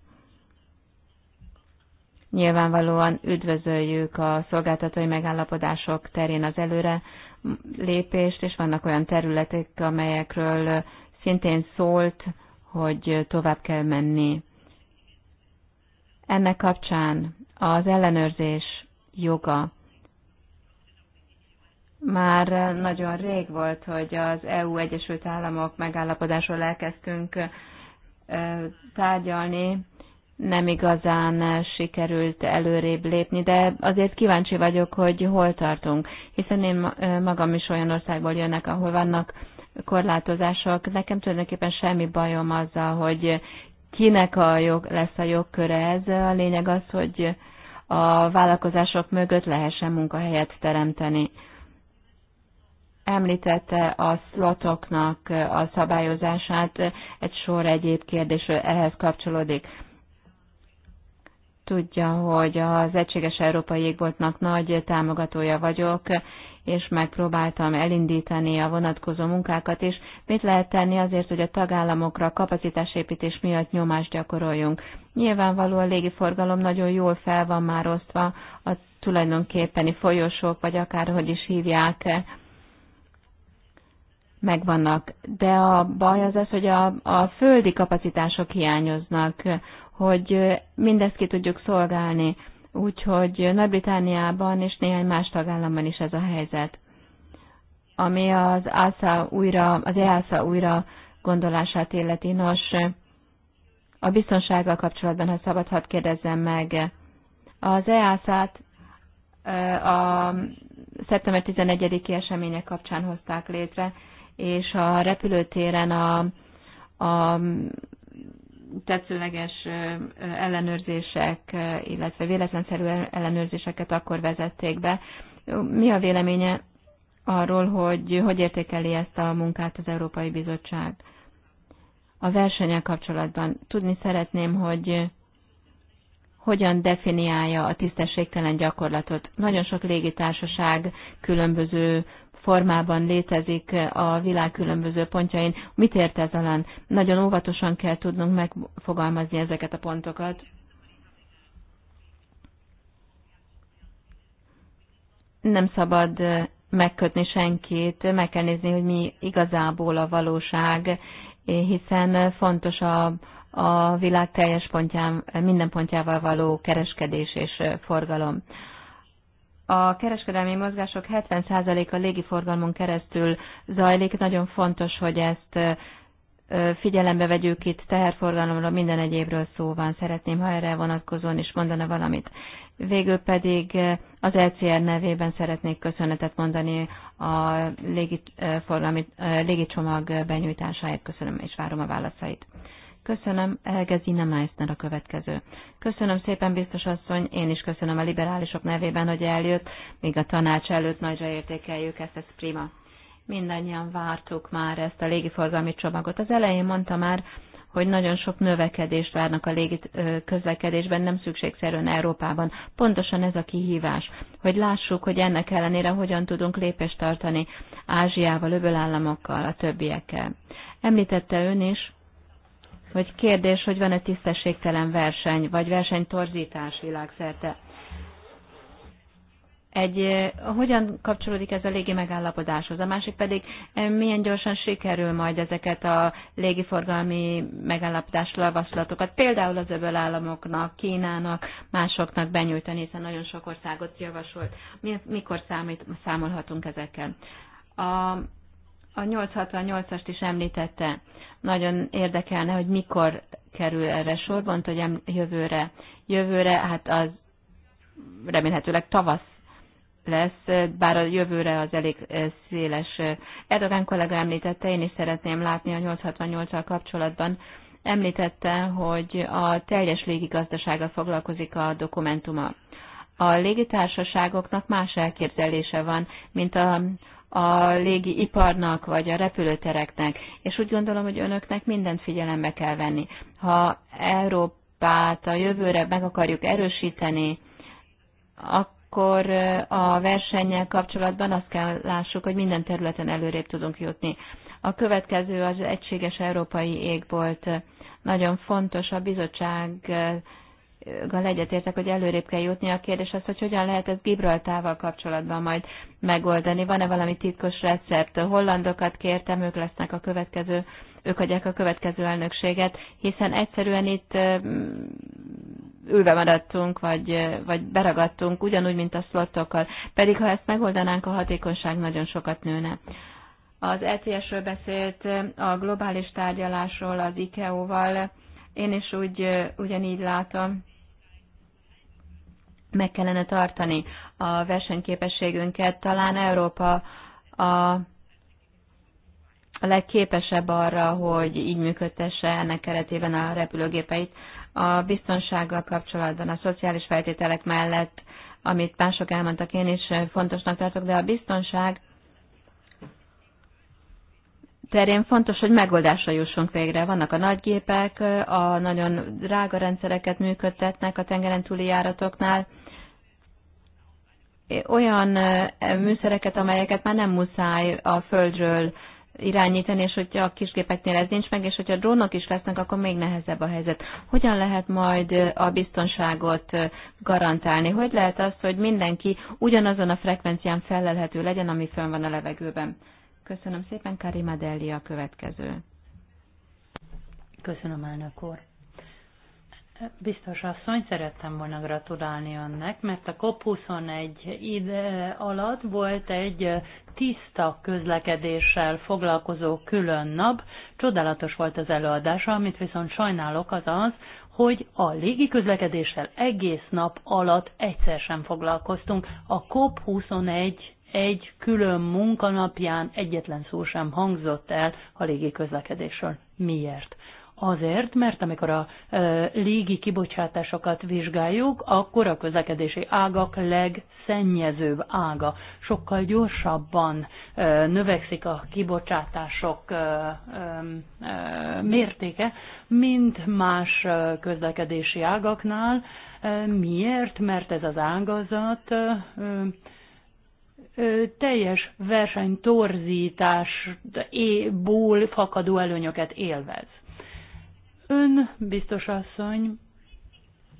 Nyilvánvalóan üdvözöljük a szolgáltatói megállapodások terén az előre lépést, és vannak olyan területek, amelyekről szintén szólt, hogy tovább kell menni. Ennek kapcsán az ellenőrzés joga már nagyon rég volt, hogy az EU Egyesült Államok megállapodásról elkezdtünk tárgyalni, nem igazán sikerült előrébb lépni, de azért kíváncsi vagyok, hogy hol tartunk, hiszen én magam is olyan országból jönnek, ahol vannak korlátozások. Nekem tulajdonképpen semmi bajom azzal, hogy kinek a jog, lesz a jogköre ez. A lényeg az, hogy a vállalkozások mögött lehessen munkahelyet teremteni. Említette a szlotoknak a szabályozását, egy sor egyéb kérdés ehhez kapcsolódik tudja, hogy az Egységes Európai Égboltnak nagy támogatója vagyok, és megpróbáltam elindítani a vonatkozó munkákat, is, mit lehet tenni azért, hogy a tagállamokra kapacitásépítés miatt nyomást gyakoroljunk. Nyilvánvaló a légiforgalom nagyon jól fel van már osztva a tulajdonképpeni folyosók, vagy akárhogy is hívják, megvannak. De a baj az az, hogy a, a földi kapacitások hiányoznak hogy mindezt ki tudjuk szolgálni. Úgyhogy Nagy-Britániában és néhány más tagállamban is ez a helyzet. Ami az ASA újra, az EASA újra gondolását illeti. Nos, a biztonsággal kapcsolatban, ha szabad, hadd kérdezzem meg. Az EASA-t a szeptember 11-i események kapcsán hozták létre, és a repülőtéren a, a tetszőleges ellenőrzések, illetve véletlenszerű ellenőrzéseket akkor vezették be. Mi a véleménye arról, hogy hogy értékeli ezt a munkát az Európai Bizottság? A versenyel kapcsolatban tudni szeretném, hogy hogyan definiálja a tisztességtelen gyakorlatot. Nagyon sok légitársaság különböző formában létezik eh, a világ különböző pontjain. Mit ért ez alán? Nagyon óvatosan kell tudnunk megfogalmazni ezeket a pontokat. Nem szabad eh, megkötni senkit, meg kell nézni, hogy mi igazából a valóság, eh, hiszen fontos a, a világ teljes pontján, minden pontjával való kereskedés és forgalom. A kereskedelmi mozgások 70%-a légiforgalmon keresztül zajlik. Nagyon fontos, hogy ezt figyelembe vegyük itt teherforgalomról, minden egyébről szó van. Szeretném, ha erre vonatkozóan is mondana valamit. Végül pedig az LCR nevében szeretnék köszönetet mondani a légicsomag légi benyújtásáért. Köszönöm, és várom a válaszait. Köszönöm, Elgezina Meissner a következő. Köszönöm szépen, biztos asszony, én is köszönöm a liberálisok nevében, hogy eljött, még a tanács előtt nagyra értékeljük ezt, ez prima. Mindannyian vártuk már ezt a légiforgalmi csomagot. Az elején mondta már, hogy nagyon sok növekedést várnak a légi közlekedésben, nem szükségszerűen Európában. Pontosan ez a kihívás, hogy lássuk, hogy ennek ellenére hogyan tudunk lépést tartani Ázsiával, öbölállamokkal, a többiekkel. Említette ön is, hogy kérdés, hogy van-e tisztességtelen verseny, vagy versenytorzítás világszerte. Egy, eh, hogyan kapcsolódik ez a légi megállapodáshoz? A másik pedig, eh, milyen gyorsan sikerül majd ezeket a légiforgalmi megállapodás javaslatokat, például az öböl államoknak, Kínának, másoknak benyújtani, hiszen nagyon sok országot javasolt. mikor számít, számolhatunk ezekkel? A a 868-ast is említette. Nagyon érdekelne, hogy mikor kerül erre sor, mondta, hogy jövőre. Jövőre, hát az remélhetőleg tavasz lesz, bár a jövőre az elég széles. Erdogan kollega említette, én is szeretném látni a 868-al kapcsolatban, említette, hogy a teljes légigazdasággal foglalkozik a dokumentuma. A légitársaságoknak más elképzelése van, mint a, a légi iparnak, vagy a repülőtereknek, és úgy gondolom, hogy önöknek mindent figyelembe kell venni. Ha Európát a jövőre meg akarjuk erősíteni, akkor eh, a versennyel kapcsolatban azt kell lássuk, hogy minden területen előrébb tudunk jutni. A következő az egységes európai égbolt. Nagyon fontos a bizottság eh, gal egyetértek, hogy előrébb kell jutni. A kérdés az, hogy hogyan lehet ezt Gibraltával kapcsolatban majd megoldani. Van-e valami titkos recept? hollandokat kértem, ők lesznek a következő, ők adják a következő elnökséget, hiszen egyszerűen itt mm, ülve maradtunk, vagy, vagy beragadtunk, ugyanúgy, mint a szlottokkal. Pedig, ha ezt megoldanánk, a hatékonyság nagyon sokat nőne. Az ECS-ről beszélt a globális tárgyalásról, az ICAO-val, e én is úgy, ugyanígy látom meg kellene tartani a versenyképességünket. Talán Európa a a legképesebb arra, hogy így működtesse ennek keretében a repülőgépeit. A biztonsággal kapcsolatban a szociális feltételek mellett, amit mások elmondtak, én is fontosnak tartok, de a biztonság terén fontos, hogy megoldásra jussunk végre. Vannak a nagygépek, a nagyon drága rendszereket működtetnek a tengeren túli járatoknál, olyan műszereket, amelyeket már nem muszáj a földről irányítani, és hogyha a kisgépeknél ez nincs meg, és hogyha drónok is lesznek, akkor még nehezebb a helyzet. Hogyan lehet majd a biztonságot garantálni? Hogy lehet az, hogy mindenki ugyanazon a frekvencián felelhető legyen, ami fönn van a levegőben? Köszönöm szépen, Karima Delli a következő. Köszönöm, elnök úr. Biztos asszony, szerettem volna gratulálni önnek, mert a COP21 ide alatt volt egy tiszta közlekedéssel foglalkozó külön nap. Csodálatos volt az előadása, amit viszont sajnálok az az, hogy a légi közlekedéssel egész nap alatt egyszer sem foglalkoztunk. A COP21 egy külön munkanapján egyetlen szó sem hangzott el a légi közlekedésről. Miért? Azért, mert amikor a légi kibocsátásokat vizsgáljuk, akkor a közlekedési ágak legszennyezőbb ága. Sokkal gyorsabban növekszik a kibocsátások mértéke, mint más közlekedési ágaknál. Miért? Mert ez az ágazat teljes versenytorzításból fakadó előnyöket élvez Ön, biztos asszony,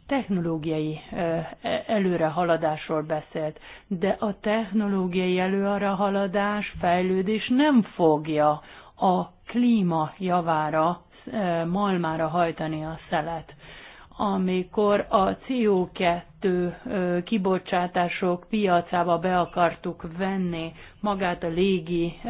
technológiai e, előrehaladásról beszélt, de a technológiai előrehaladás, fejlődés nem fogja a klíma javára, malmára hajtani a szelet. Amikor a CO2 kibocsátások piacába be akartuk venni magát a légi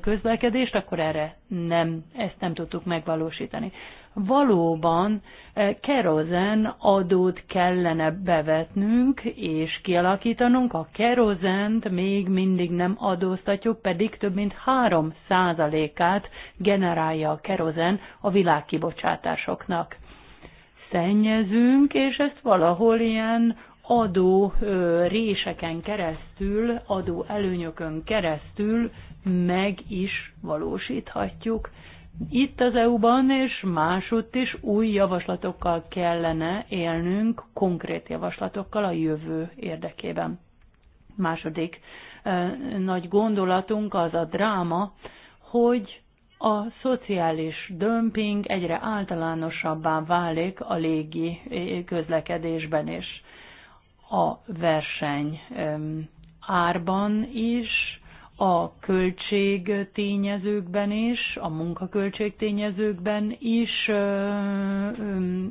közlekedést, akkor erre nem, ezt nem tudtuk megvalósítani valóban eh, kerozen adót kellene bevetnünk és kialakítanunk. A kerozent még mindig nem adóztatjuk, pedig több mint 3 százalékát generálja a kerozen a világkibocsátásoknak. Szennyezünk, és ezt valahol ilyen adó réseken keresztül, adó előnyökön keresztül meg is valósíthatjuk itt az EU-ban és másutt is új javaslatokkal kellene élnünk, konkrét javaslatokkal a jövő érdekében. Második nagy gondolatunk az a dráma, hogy a szociális dömping egyre általánosabbá válik a légi közlekedésben is. A verseny árban is, a költség tényezőkben is, a munkaköltség tényezőkben is ö, ö,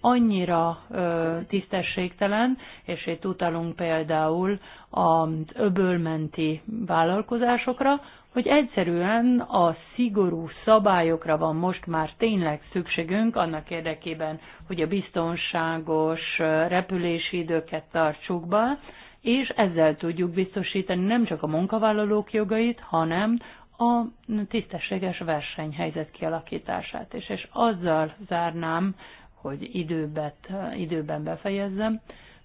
annyira ö, tisztességtelen, és itt utalunk például az öbölmenti vállalkozásokra, hogy egyszerűen a szigorú szabályokra van most már tényleg szükségünk annak érdekében, hogy a biztonságos repülési időket tartsuk be, és ezzel tudjuk biztosítani nem csak a munkavállalók jogait, hanem a tisztességes versenyhelyzet kialakítását is. És azzal zárnám, hogy időbet, időben befejezzem,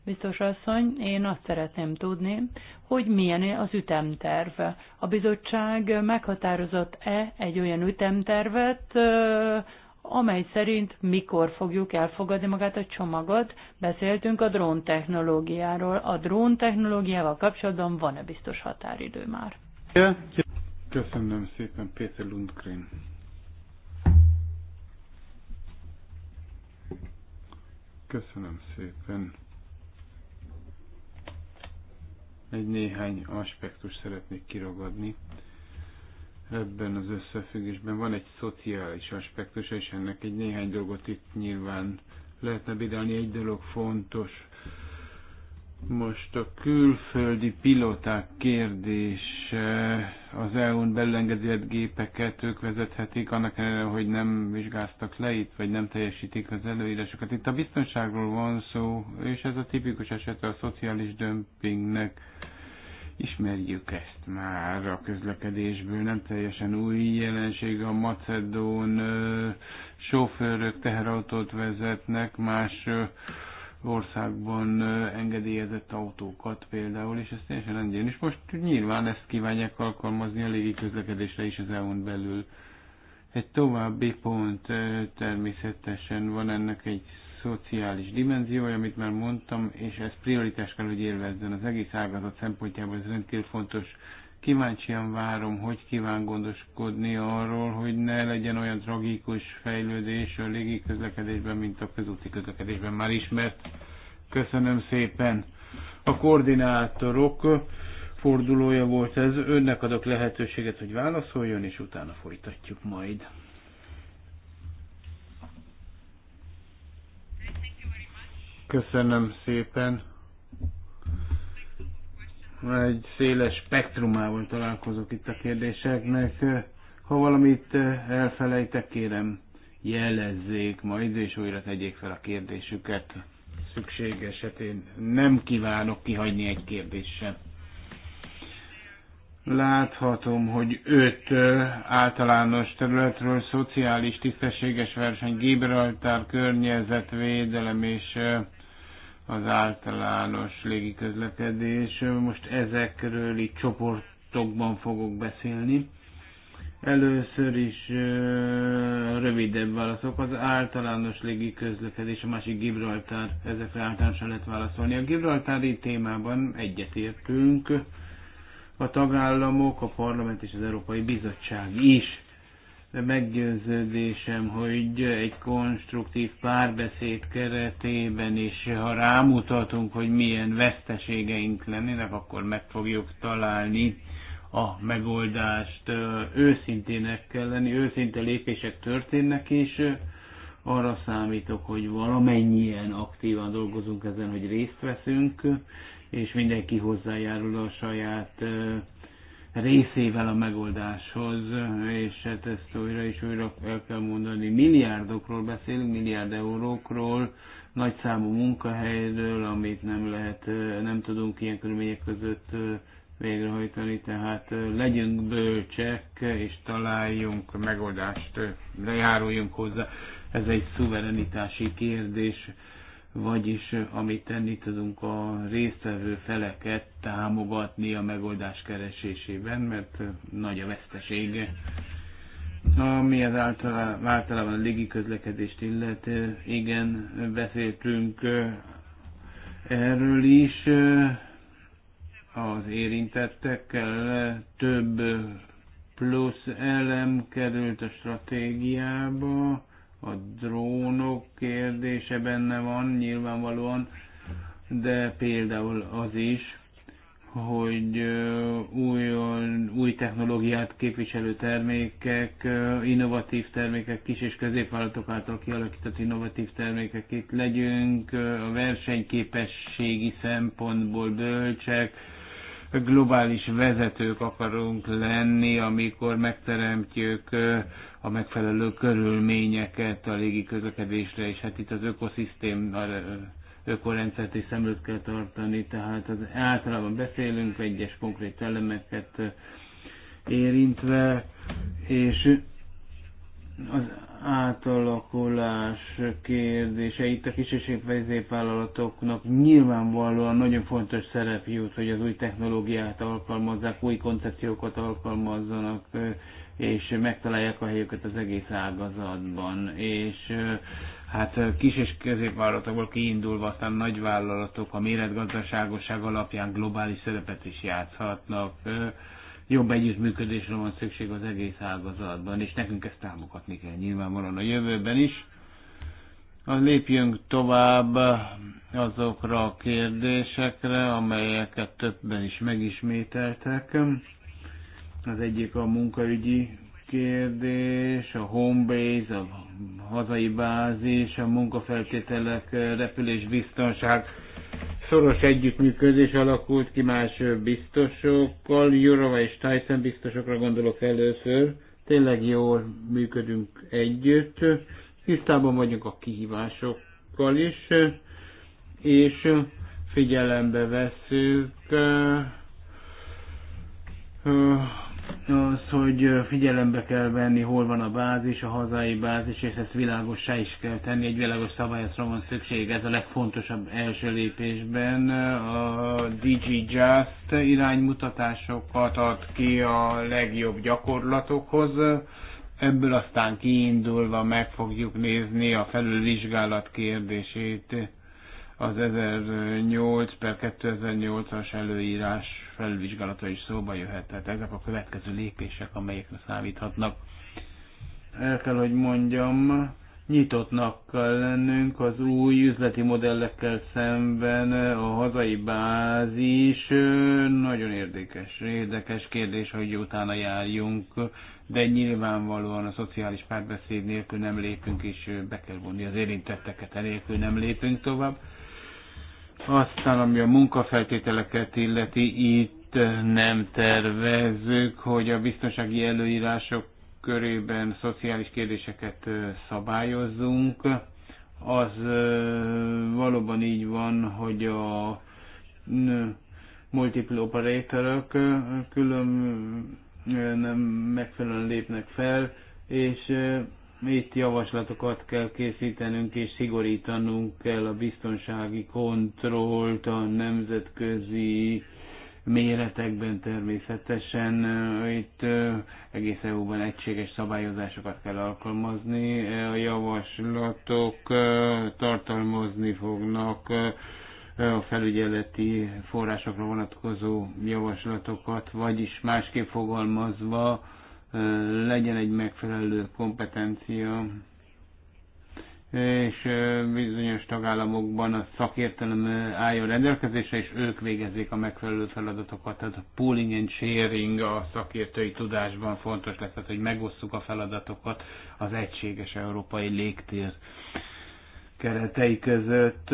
biztos asszony, én azt szeretném tudni, hogy milyen -e az ütemterv. A bizottság meghatározott-e egy olyan ütemtervet, amely szerint mikor fogjuk elfogadni magát a csomagot. Beszéltünk a drón technológiáról. A drón technológiával kapcsolatban van-e biztos határidő már? Köszönöm szépen, Péter Lundgren. Köszönöm szépen. Egy néhány aspektus szeretnék kiragadni ebben az összefüggésben van egy szociális aspektus, és ennek egy néhány dolgot itt nyilván lehetne bidalni. Egy dolog fontos. Most a külföldi pilóták kérdése, az EU-n belengedett gépeket ők vezethetik, annak ellenére, hogy nem vizsgáztak le itt, vagy nem teljesítik az előírásokat. Itt a biztonságról van szó, és ez a tipikus eset a szociális dömpingnek Ismerjük ezt már a közlekedésből, nem teljesen új jelenség a macedón sofőrök teherautót vezetnek, más országban engedélyezett autókat például, és ez teljesen rendjén. És most nyilván ezt kívánják alkalmazni a légi közlekedésre is az EU-n belül. Egy további pont természetesen van ennek egy szociális dimenziója, amit már mondtam, és ez prioritás kell, hogy élvezzen az egész ágazat szempontjából, ez rendkívül fontos. Kíváncsian várom, hogy kíván gondoskodni arról, hogy ne legyen olyan tragikus fejlődés a légi közlekedésben, mint a közúti közlekedésben már ismert. Köszönöm szépen. A koordinátorok fordulója volt ez. Önnek adok lehetőséget, hogy válaszoljon, és utána folytatjuk majd. Köszönöm szépen. Egy széles spektrumával találkozok itt a kérdéseknek. Ha valamit elfelejtek, kérem jelezzék majd, és újra tegyék fel a kérdésüket. Szükség esetén nem kívánok kihagyni egy kérdést sem. Láthatom, hogy öt általános területről, szociális, tisztességes verseny, Gibraltar környezetvédelem és az általános légiközlekedés. Most ezekről itt csoportokban fogok beszélni. Először is rövidebb válaszok. Az általános légi közlekedés, a másik Gibraltár, ezekre általánosan lehet válaszolni. A Gibraltári témában egyetértünk a tagállamok, a parlament és az Európai Bizottság is meggyőződésem, hogy egy konstruktív párbeszéd keretében is, ha rámutatunk, hogy milyen veszteségeink lennének, akkor meg fogjuk találni a megoldást. Őszintének kell lenni, őszinte lépések történnek, és arra számítok, hogy valamennyien aktívan dolgozunk ezen, hogy részt veszünk, és mindenki hozzájárul a saját részével a megoldáshoz, és hát ezt újra és újra el kell mondani. Milliárdokról beszélünk, milliárd eurókról, nagy számú munkahelyről, amit nem lehet, nem tudunk ilyen körülmények között végrehajtani, tehát legyünk bölcsek, és találjunk megoldást, lejáruljunk hozzá. Ez egy szuverenitási kérdés vagyis eh, amit tenni tudunk a résztvevő feleket támogatni a megoldás keresésében, mert eh, nagy a veszteség. Ami az általában, a légi közlekedést illet, igen, beszéltünk eh, erről is az érintettekkel, több plusz elem került a stratégiába, a drónok kérdése benne van nyilvánvalóan, de például az is, hogy új, új technológiát képviselő termékek, innovatív termékek, kis és középvállalatok által kialakított innovatív termékek itt legyünk, a versenyképességi szempontból bölcsek, globális vezetők akarunk lenni, amikor megteremtjük a megfelelő körülményeket a légi közlekedésre, és hát itt az ökoszisztém, ökorendszert is szem kell tartani, tehát az, általában beszélünk egyes konkrét elemeket érintve, és az átalakulás kérdése itt a kis és középvállalatoknak nyilvánvalóan nagyon fontos szerep jut, hogy az új technológiát alkalmazzák, új koncepciókat alkalmazzanak, és megtalálják a helyüket az egész ágazatban. És hát kis és középvállalatokból kiindulva aztán nagyvállalatok a méretgazdaságosság alapján globális szerepet is játszhatnak jobb együttműködésre van szükség az egész ágazatban, és nekünk ezt támogatni kell nyilvánvalóan a jövőben is. Az lépjünk tovább azokra a kérdésekre, amelyeket többen is megismételtek. Az egyik a munkaügyi kérdés, a homebase, a hazai bázis, a munkafeltételek, repülés, biztonság szoros együttműködés alakult ki más biztosokkal, Jurova és Tyson biztosokra gondolok először. Tényleg jól működünk együtt, tisztában vagyunk a kihívásokkal is, és figyelembe veszük eh, az, hogy figyelembe kell venni, hol van a bázis, a hazai bázis, és ezt világossá is kell tenni, egy világos szabályozra van szükség, ez a legfontosabb első lépésben. A DG Just iránymutatásokat ad ki a legjobb gyakorlatokhoz, ebből aztán kiindulva meg fogjuk nézni a felülvizsgálat kérdését az 1008 per 2008-as előírás felvizsgálata is szóba jöhet. Tehát ezek a következő lépések, amelyekre számíthatnak. El kell, hogy mondjam, nyitottnak kell lennünk az új üzleti modellekkel szemben a hazai bázis. Nagyon érdekes, érdekes kérdés, hogy utána járjunk, de nyilvánvalóan a szociális párbeszéd nélkül nem lépünk, és be kell vonni az érintetteket, enélkül nem lépünk tovább. Aztán, ami a munkafeltételeket illeti, itt eh, nem tervezzük, hogy a biztonsági előírások körében szociális kérdéseket eh, szabályozzunk. Az eh, valóban így van, hogy a multiple operatorok külön nem megfelelően lépnek fel, és itt javaslatokat kell készítenünk és szigorítanunk kell a biztonsági kontrollt a nemzetközi méretekben természetesen. Itt egész EU-ban egységes szabályozásokat kell alkalmazni. A javaslatok tartalmazni fognak a felügyeleti forrásokra vonatkozó javaslatokat, vagyis másképp fogalmazva, legyen egy megfelelő kompetencia, és bizonyos tagállamokban a szakértelem álljon rendelkezésre, és ők végezzék a megfelelő feladatokat. Tehát a pooling and sharing a szakértői tudásban fontos lesz, tehát hogy megosszuk a feladatokat az egységes európai légtér keretei között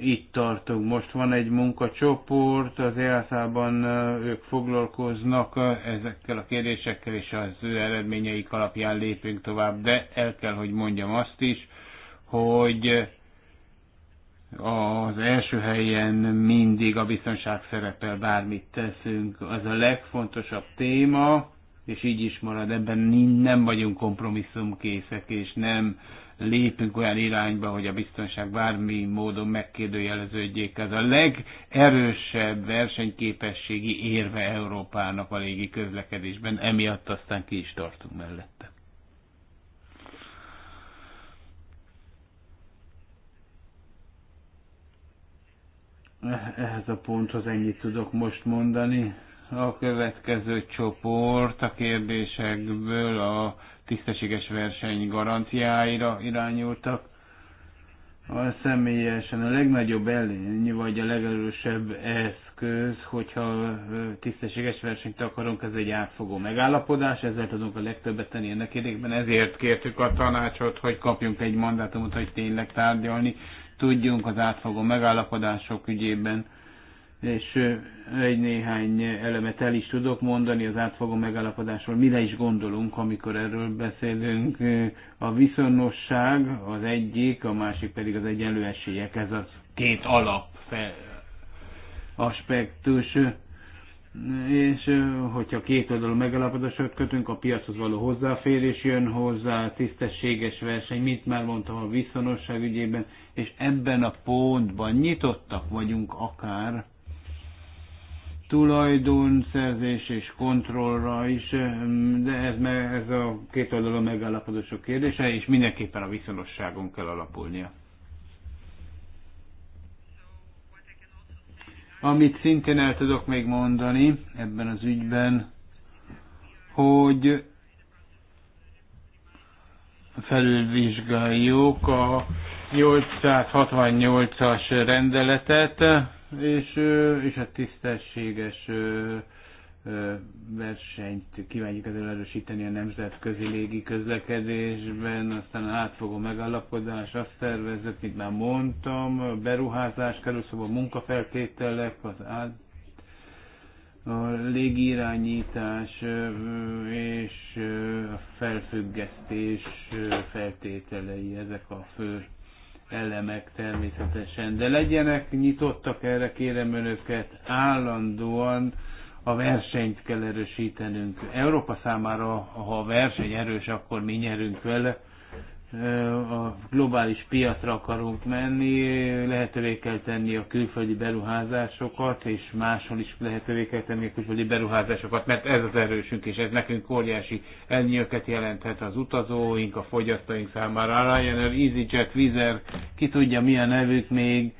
itt tartunk. Most van egy munkacsoport, az EASZ-ban ők foglalkoznak ezekkel a kérdésekkel, és az ő eredményeik alapján lépünk tovább, de el kell, hogy mondjam azt is, hogy az első helyen mindig a biztonság szerepel, bármit teszünk. Az a legfontosabb téma, és így is marad, ebben nem vagyunk kompromisszumkészek, és nem lépünk olyan irányba, hogy a biztonság bármi módon megkérdőjeleződjék. Ez a legerősebb versenyképességi érve Európának a légi közlekedésben, emiatt aztán ki is tartunk mellette. Ehhez a ponthoz ennyit tudok most mondani. A következő csoport a kérdésekből a tisztességes verseny garanciáira irányultak. A személyesen a legnagyobb előny, vagy a legerősebb eszköz, hogyha tisztességes versenyt akarunk, ez egy átfogó megállapodás, ezzel tudunk a legtöbbet tenni ennek érdekében, ezért kértük a tanácsot, hogy kapjunk egy mandátumot, hogy tényleg tárgyalni tudjunk az átfogó megállapodások ügyében és egy néhány elemet el is tudok mondani az átfogó megállapodásról, mire is gondolunk, amikor erről beszélünk. A viszonosság az egyik, a másik pedig az egyenlő esélyek, ez a két alap aspektus. És hogyha két oldalú megállapodásokat kötünk, a piachoz való hozzáférés jön hozzá, tisztességes verseny, mit már mondtam a viszonosság ügyében, és ebben a pontban nyitottak vagyunk akár tulajdonszerzés és kontrollra is, de ez, ez a két oldalon megállapodások kérdése, és mindenképpen a viszonosságon kell alapulnia. Amit szintén el tudok még mondani ebben az ügyben, hogy felülvizsgáljuk a 868-as rendeletet, és, és a tisztességes versenyt kívánjuk ezzel erősíteni a nemzetközi légi közlekedésben, aztán átfogó megállapodás, azt szervezett, mint már mondtam, beruházás kerül szóval munkafeltételek, az át, a légirányítás és a felfüggesztés feltételei, ezek a fő elemek természetesen, de legyenek nyitottak erre, kérem önöket, állandóan a versenyt kell erősítenünk. Európa számára, ha a verseny erős, akkor mi nyerünk vele, Eh, a globális piacra akarunk menni, lehetővé kell tenni a külföldi beruházásokat, és máshol is lehetővé kell tenni a külföldi beruházásokat, mert ez az erősünk, és ez nekünk óriási elnyőket jelenthet az utazóink, a fogyasztóink számára. Ryanair, EasyJet, Vizer, ki tudja mi a nevük még,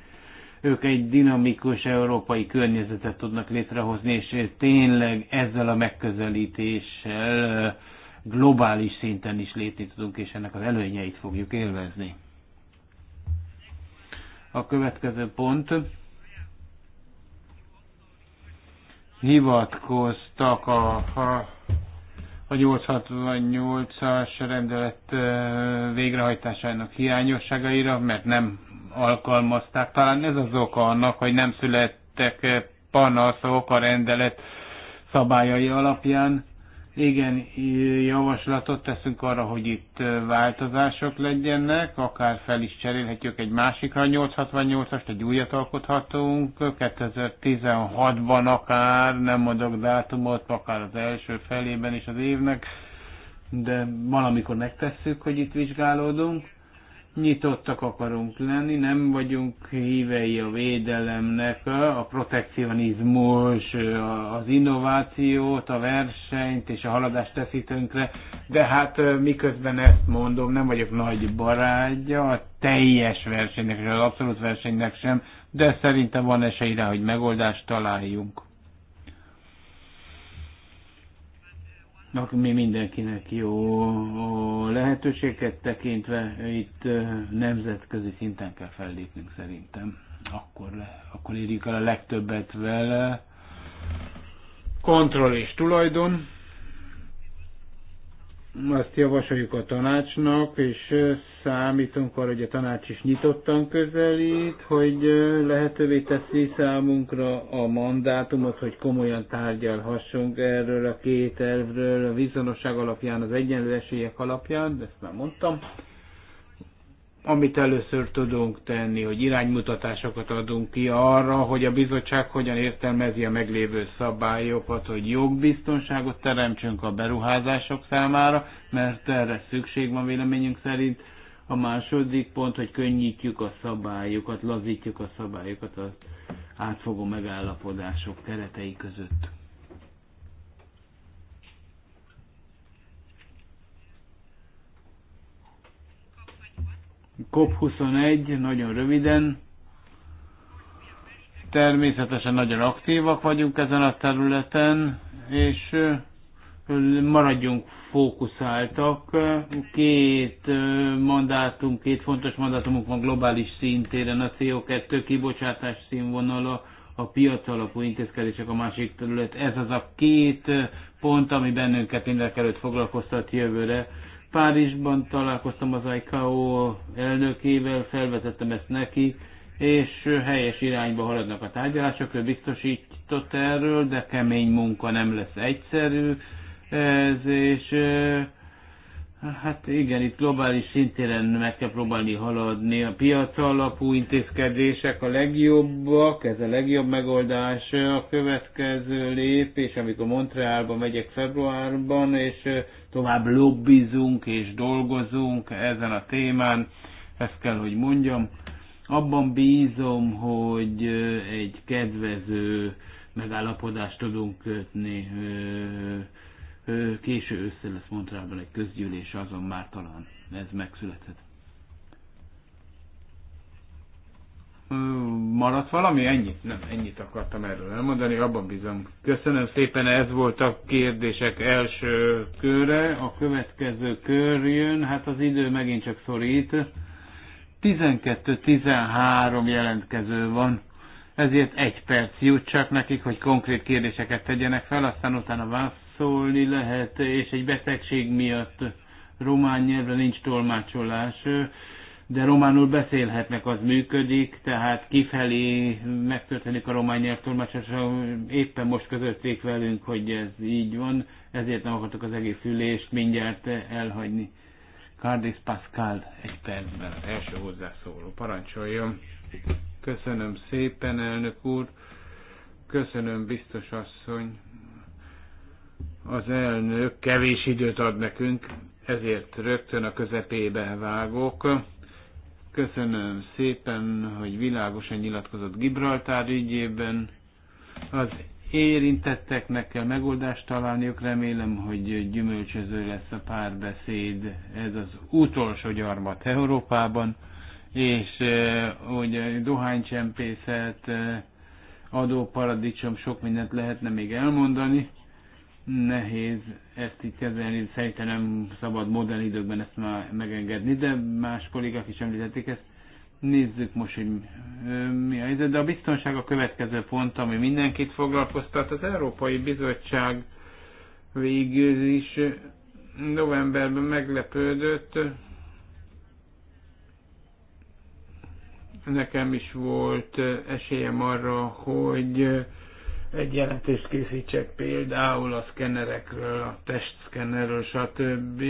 ők egy dinamikus európai környezetet tudnak létrehozni, és tényleg ezzel a megközelítéssel globális szinten is lépni tudunk, és ennek az előnyeit fogjuk élvezni. A következő pont. Hivatkoztak a, a, a 868-as rendelet végrehajtásának hiányosságaira, mert nem alkalmazták. Talán ez az oka annak, hogy nem születtek panaszok a rendelet szabályai alapján igen javaslatot teszünk arra, hogy itt változások legyenek, akár fel is cserélhetjük egy másikra 868-ast, egy újat alkothatunk, 2016-ban akár, nem mondok dátumot, akár az első felében is az évnek, de valamikor megtesszük, hogy itt vizsgálódunk nyitottak akarunk lenni, nem vagyunk hívei a védelemnek, a protekcionizmus, az innovációt, a versenyt és a haladást teszi tönkre, de hát miközben ezt mondom, nem vagyok nagy barátja a teljes versenynek, az abszolút versenynek sem, de szerintem van esélyre, hogy megoldást találjunk. mi mindenkinek jó. A lehetőséget tekintve itt nemzetközi szinten kell fellépnünk szerintem. Akkor, le, akkor érjük el a legtöbbet vele. Kontroll és tulajdon azt javasoljuk a tanácsnak, és számítunk arra, hogy a tanács is nyitottan közelít, hogy lehetővé teszi számunkra a mandátumot, hogy komolyan tárgyalhassunk erről a két elvről, a vízonosság alapján, az egyenlő esélyek alapján, ezt már mondtam, amit először tudunk tenni, hogy iránymutatásokat adunk ki arra, hogy a bizottság hogyan értelmezi a meglévő szabályokat, hogy jogbiztonságot teremtsünk a beruházások számára, mert erre szükség van véleményünk szerint. A második pont, hogy könnyítjük a szabályokat, lazítjuk a szabályokat az átfogó megállapodások keretei között. COP21, nagyon röviden. Természetesen nagyon aktívak vagyunk ezen a területen, és maradjunk fókuszáltak. Két mandátum, két fontos mandátumunk van globális szintéren, a CO2 kibocsátás színvonala, a piac alapú intézkedések a másik terület. Ez az a két pont, ami bennünket mindenek előtt foglalkoztat jövőre Párizsban találkoztam az ICAO elnökével, felvetettem ezt neki, és helyes irányba haladnak a tárgyalások, ő biztosított erről, de kemény munka nem lesz egyszerű, ez, és hát igen, itt globális szintéren meg kell próbálni haladni. A piac alapú intézkedések a legjobbak, ez a legjobb megoldás. A következő lépés, amikor Montrealba megyek februárban, és tovább lobbizunk és dolgozunk ezen a témán, ezt kell, hogy mondjam. Abban bízom, hogy egy kedvező megállapodást tudunk kötni. Késő ősszel lesz Montrában egy közgyűlés, azon már talán ez megszülethet. maradt valami? ennyit Nem, ennyit akartam erről elmondani, abban bizony. Köszönöm szépen, ez volt a kérdések első körre. A következő kör jön, hát az idő megint csak szorít. 12-13 jelentkező van, ezért egy perc jut csak nekik, hogy konkrét kérdéseket tegyenek fel, aztán utána válaszolni lehet, és egy betegség miatt román nyelvre nincs tolmácsolás de románul beszélhetnek, az működik, tehát kifelé megtörténik a román nyelvtolmácsás, éppen most közötték velünk, hogy ez így van, ezért nem akartok az egész ülést mindjárt elhagyni. Kárdész Pascal egy percben az első hozzászóló. Parancsoljon! Köszönöm szépen, elnök úr! Köszönöm, biztos asszony! Az elnök kevés időt ad nekünk, ezért rögtön a közepébe vágok Köszönöm szépen, hogy világosan nyilatkozott Gibraltár ügyében. Az érintetteknek kell megoldást találniuk, remélem, hogy gyümölcsöző lesz a párbeszéd. Ez az utolsó gyarmat Európában, és eh, hogy a dohánycsempészet, eh, adóparadicsom, sok mindent lehetne még elmondani nehéz ezt így kezelni, szerintem nem szabad modern időkben ezt már megengedni, de más kollégák is említették ezt. Nézzük most, hogy mi a helyzet, de a biztonság a következő pont, ami mindenkit foglalkoztat. Az Európai Bizottság végül is novemberben meglepődött. Nekem is volt esélyem arra, hogy egy jelentést készítsek például a szkennerekről, a testszkennerről, stb.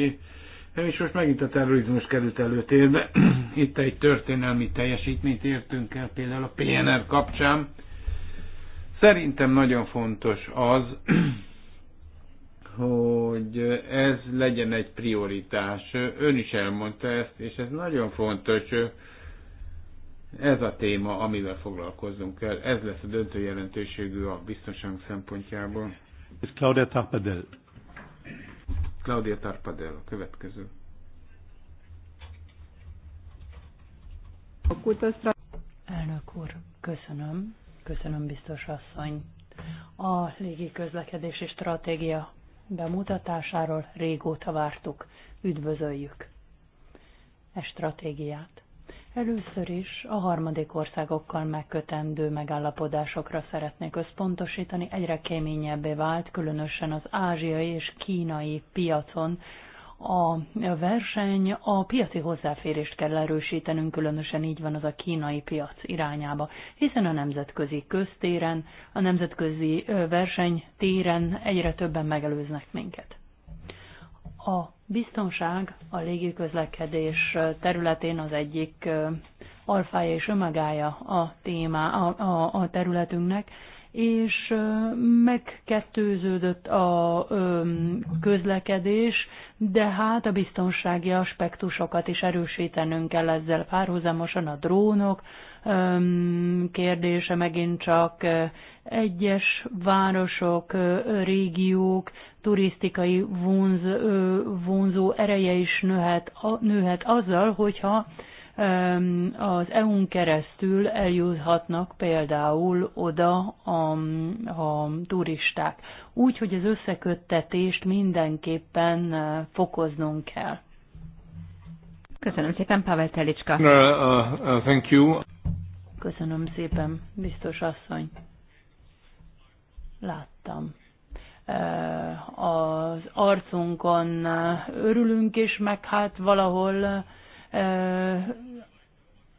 És most megint a terrorizmus került előtérbe. Itt egy történelmi teljesítményt értünk el például a PNR kapcsán. Szerintem nagyon fontos az, hogy ez legyen egy prioritás. Ön is elmondta ezt, és ez nagyon fontos ez a téma, amivel foglalkoznunk kell. Ez lesz a döntő jelentőségű a biztonság szempontjából. És Claudia Tarpadel. Claudia Tarpadel a következő. A kutasztra... Elnök úr, köszönöm. Köszönöm, biztos asszony. A légi közlekedési stratégia bemutatásáról régóta vártuk. Üdvözöljük e stratégiát. Először is a harmadik országokkal megkötendő megállapodásokra szeretnék összpontosítani. Egyre keményebbé vált, különösen az ázsiai és kínai piacon a verseny, a piaci hozzáférést kell erősítenünk, különösen így van az a kínai piac irányába, hiszen a nemzetközi köztéren, a nemzetközi versenytéren egyre többen megelőznek minket. A biztonság a légiközlekedés területén az egyik alfája és ömegája a témá, a, a, a területünknek, és megkettőződött a közlekedés, de hát a biztonsági aspektusokat is erősítenünk kell ezzel párhuzamosan a drónok kérdése megint csak egyes városok, régiók turisztikai vonz, vonzó ereje is nőhet, nőhet azzal, hogyha az EU-n keresztül eljuthatnak például oda a, a turisták. Úgy, hogy az összeköttetést mindenképpen fokoznunk kell. Köszönöm szépen, Pavel Telicska. Uh, uh, uh, thank you. Köszönöm szépen, biztos asszony. Láttam az arcunkon örülünk és meg hát valahol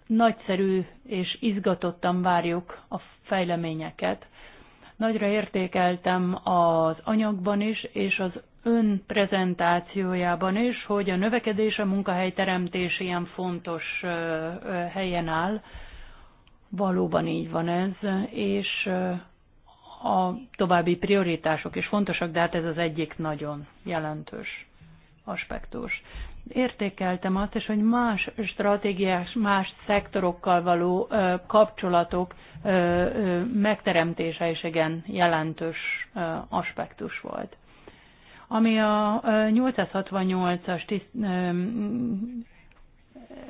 nagyszerű és izgatottan várjuk a fejleményeket. Nagyra értékeltem az anyagban is, és az ön prezentációjában is, hogy a növekedés, a teremtés ilyen fontos helyen áll. Valóban így van ez, és a további prioritások is fontosak, de hát ez az egyik nagyon jelentős aspektus. Értékeltem azt is, hogy más stratégiás, más szektorokkal való ö, kapcsolatok ö, ö, megteremtése is igen jelentős ö, aspektus volt. Ami a 868-as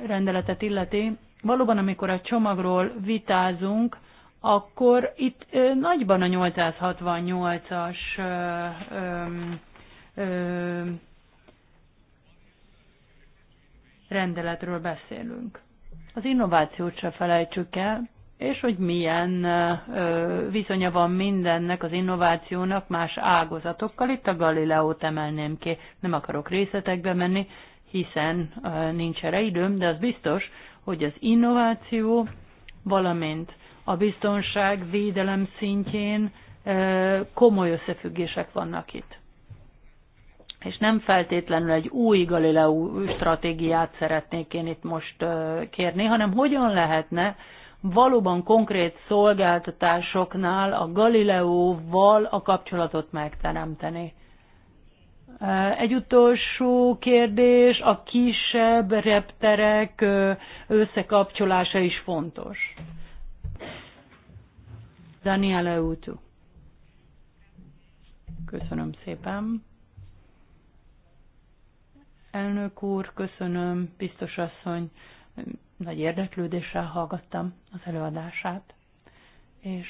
rendeletet illeti, valóban amikor a csomagról vitázunk, akkor itt nagyban a 868-as rendeletről beszélünk. Az innovációt se felejtsük el, és hogy milyen viszonya van mindennek az innovációnak más ágazatokkal. Itt a Galileót emelném ki, nem akarok részletekbe menni, hiszen nincs erre időm, de az biztos, hogy az innováció, valamint a biztonság, védelem szintjén komoly összefüggések vannak itt. És nem feltétlenül egy új Galileo stratégiát szeretnék én itt most kérni, hanem hogyan lehetne valóban konkrét szolgáltatásoknál a Galileóval a kapcsolatot megteremteni. Egy utolsó kérdés, a kisebb repterek összekapcsolása is fontos. Daniela Utu. Köszönöm szépen. Elnök úr, köszönöm, biztos asszony, nagy érdeklődéssel hallgattam az előadását, és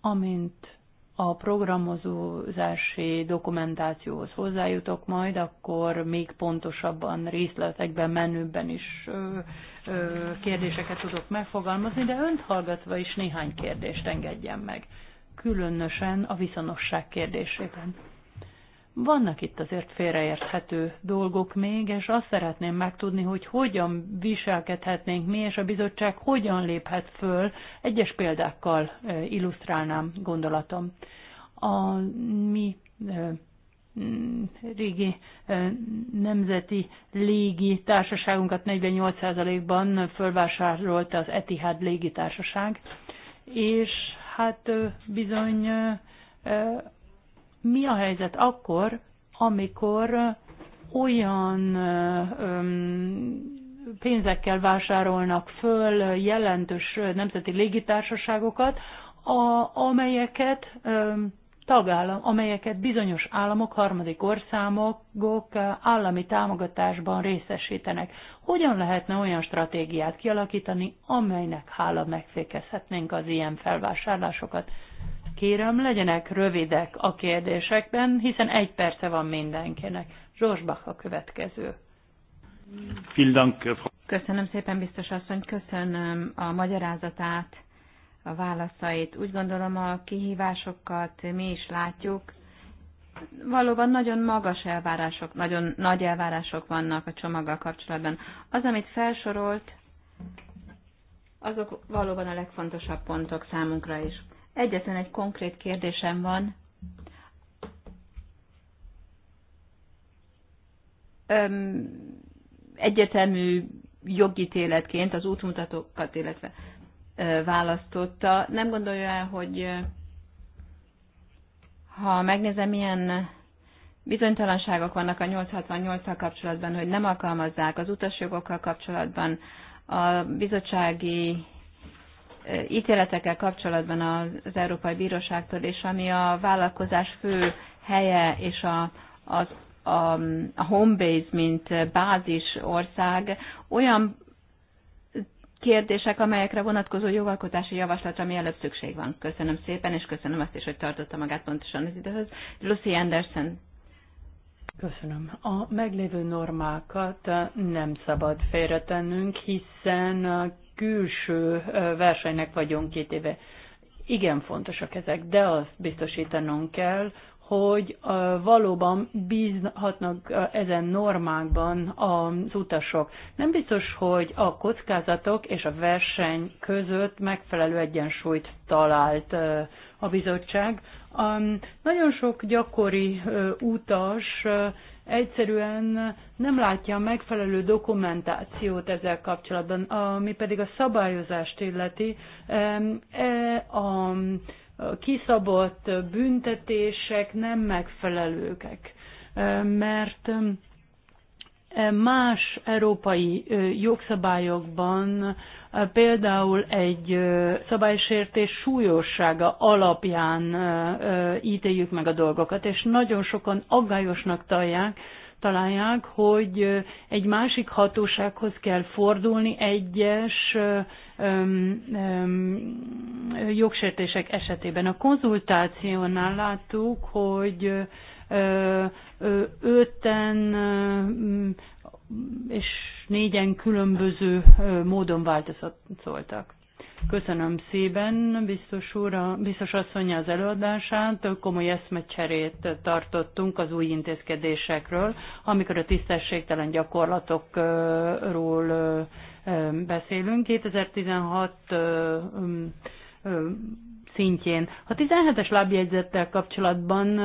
amint a programozási dokumentációhoz hozzájutok majd, akkor még pontosabban, részletekben, menőben is kérdéseket tudok megfogalmazni, de önt hallgatva is néhány kérdést engedjen meg, különösen a viszonosság kérdésében. Vannak itt azért félreérthető dolgok még, és azt szeretném megtudni, hogy hogyan viselkedhetnénk mi, és a bizottság hogyan léphet föl. Egyes példákkal illusztrálnám gondolatom. A mi Mm, régi eh, nemzeti légi társaságunkat 48%-ban fölvásárolta az Etihad légitársaság, és hát bizony mi a helyzet akkor, amikor olyan pénzekkel vásárolnak föl jelentős nemzeti légitársaságokat, a, amelyeket tagállam, amelyeket bizonyos államok, harmadik országok eh, állami támogatásban részesítenek. Hogyan lehetne olyan stratégiát kialakítani, amelynek hála megfékezhetnénk az ilyen felvásárlásokat? Kérem, legyenek rövidek a kérdésekben, hiszen egy perce van mindenkinek. Zsorsbach a következő. Köszönöm szépen, biztos asszony, köszönöm a magyarázatát a válaszait. Úgy gondolom a kihívásokat mi is látjuk. Valóban nagyon magas elvárások, nagyon nagy elvárások vannak a csomaggal kapcsolatban. Az, amit felsorolt, azok valóban a legfontosabb pontok számunkra is. Egyetlen egy konkrét kérdésem van. Öm, egyetemű jogítéletként az útmutatókat, illetve választotta. Nem gondolja el, hogy ha megnézem, milyen bizonytalanságok vannak a 868-tal kapcsolatban, hogy nem alkalmazzák az utasjogokkal kapcsolatban, a bizottsági ítéletekkel kapcsolatban az Európai Bíróságtól, és ami a vállalkozás fő helye és a, az, a, a home base, mint bázis ország, olyan kérdések, amelyekre vonatkozó jogalkotási javaslatra mielőbb szükség van. Köszönöm szépen, és köszönöm azt is, hogy tartotta magát pontosan az időhöz. Lucy Anderson. Köszönöm. A meglévő normákat nem szabad félretennünk, hiszen a külső versenynek vagyunk éve. Igen fontosak ezek, de azt biztosítanunk kell, hogy valóban bízhatnak ezen normákban az utasok. Nem biztos, hogy a kockázatok és a verseny között megfelelő egyensúlyt talált a bizottság. Nagyon sok gyakori utas egyszerűen nem látja a megfelelő dokumentációt ezzel kapcsolatban, ami pedig a szabályozást illeti. E, a kiszabott büntetések nem megfelelőkek, mert más európai jogszabályokban például egy szabálysértés súlyossága alapján ítéljük meg a dolgokat, és nagyon sokan aggályosnak találják, találják, hogy egy másik hatósághoz kell fordulni egyes öm, öm, jogsértések esetében. A konzultációnál láttuk, hogy öten és négyen különböző módon változat szóltak. Köszönöm szépen, biztos, úr, biztos asszonya az előadását. Komoly eszmecserét tartottunk az új intézkedésekről, amikor a tisztességtelen gyakorlatokról beszélünk. 2016 szintjén. A 17-es lábjegyzettel kapcsolatban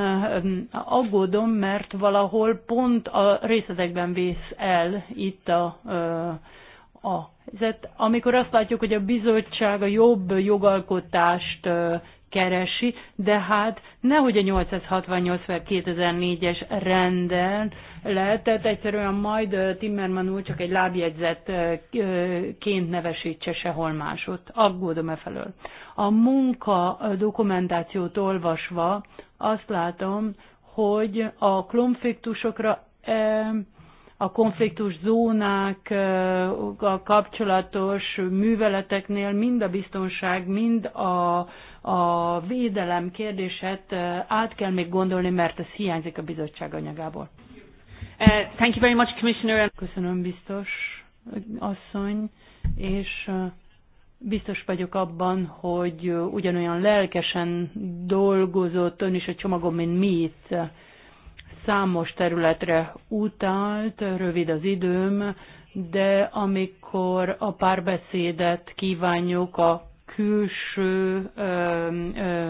aggódom, mert valahol pont a részletekben vész el itt a a helyzet, amikor azt látjuk, hogy a bizottság a jobb jogalkotást keresi, de hát nehogy a 868 per 2004-es rendel lehet, tehát egyszerűen majd Timmerman úr csak egy lábjegyzetként nevesítse sehol másot. Aggódom e felől. A munka dokumentációt olvasva azt látom, hogy a konfliktusokra a konfliktus zónák a kapcsolatos műveleteknél mind a biztonság, mind a, a védelem kérdését át kell még gondolni, mert ez hiányzik a bizottság anyagából. Uh, thank you very much, Commissioner. Köszönöm, biztos asszony, és biztos vagyok abban, hogy ugyanolyan lelkesen dolgozott ön is a csomagom, mint mi itt számos területre utalt, rövid az időm, de amikor a párbeszédet kívánjuk a külső ö, ö,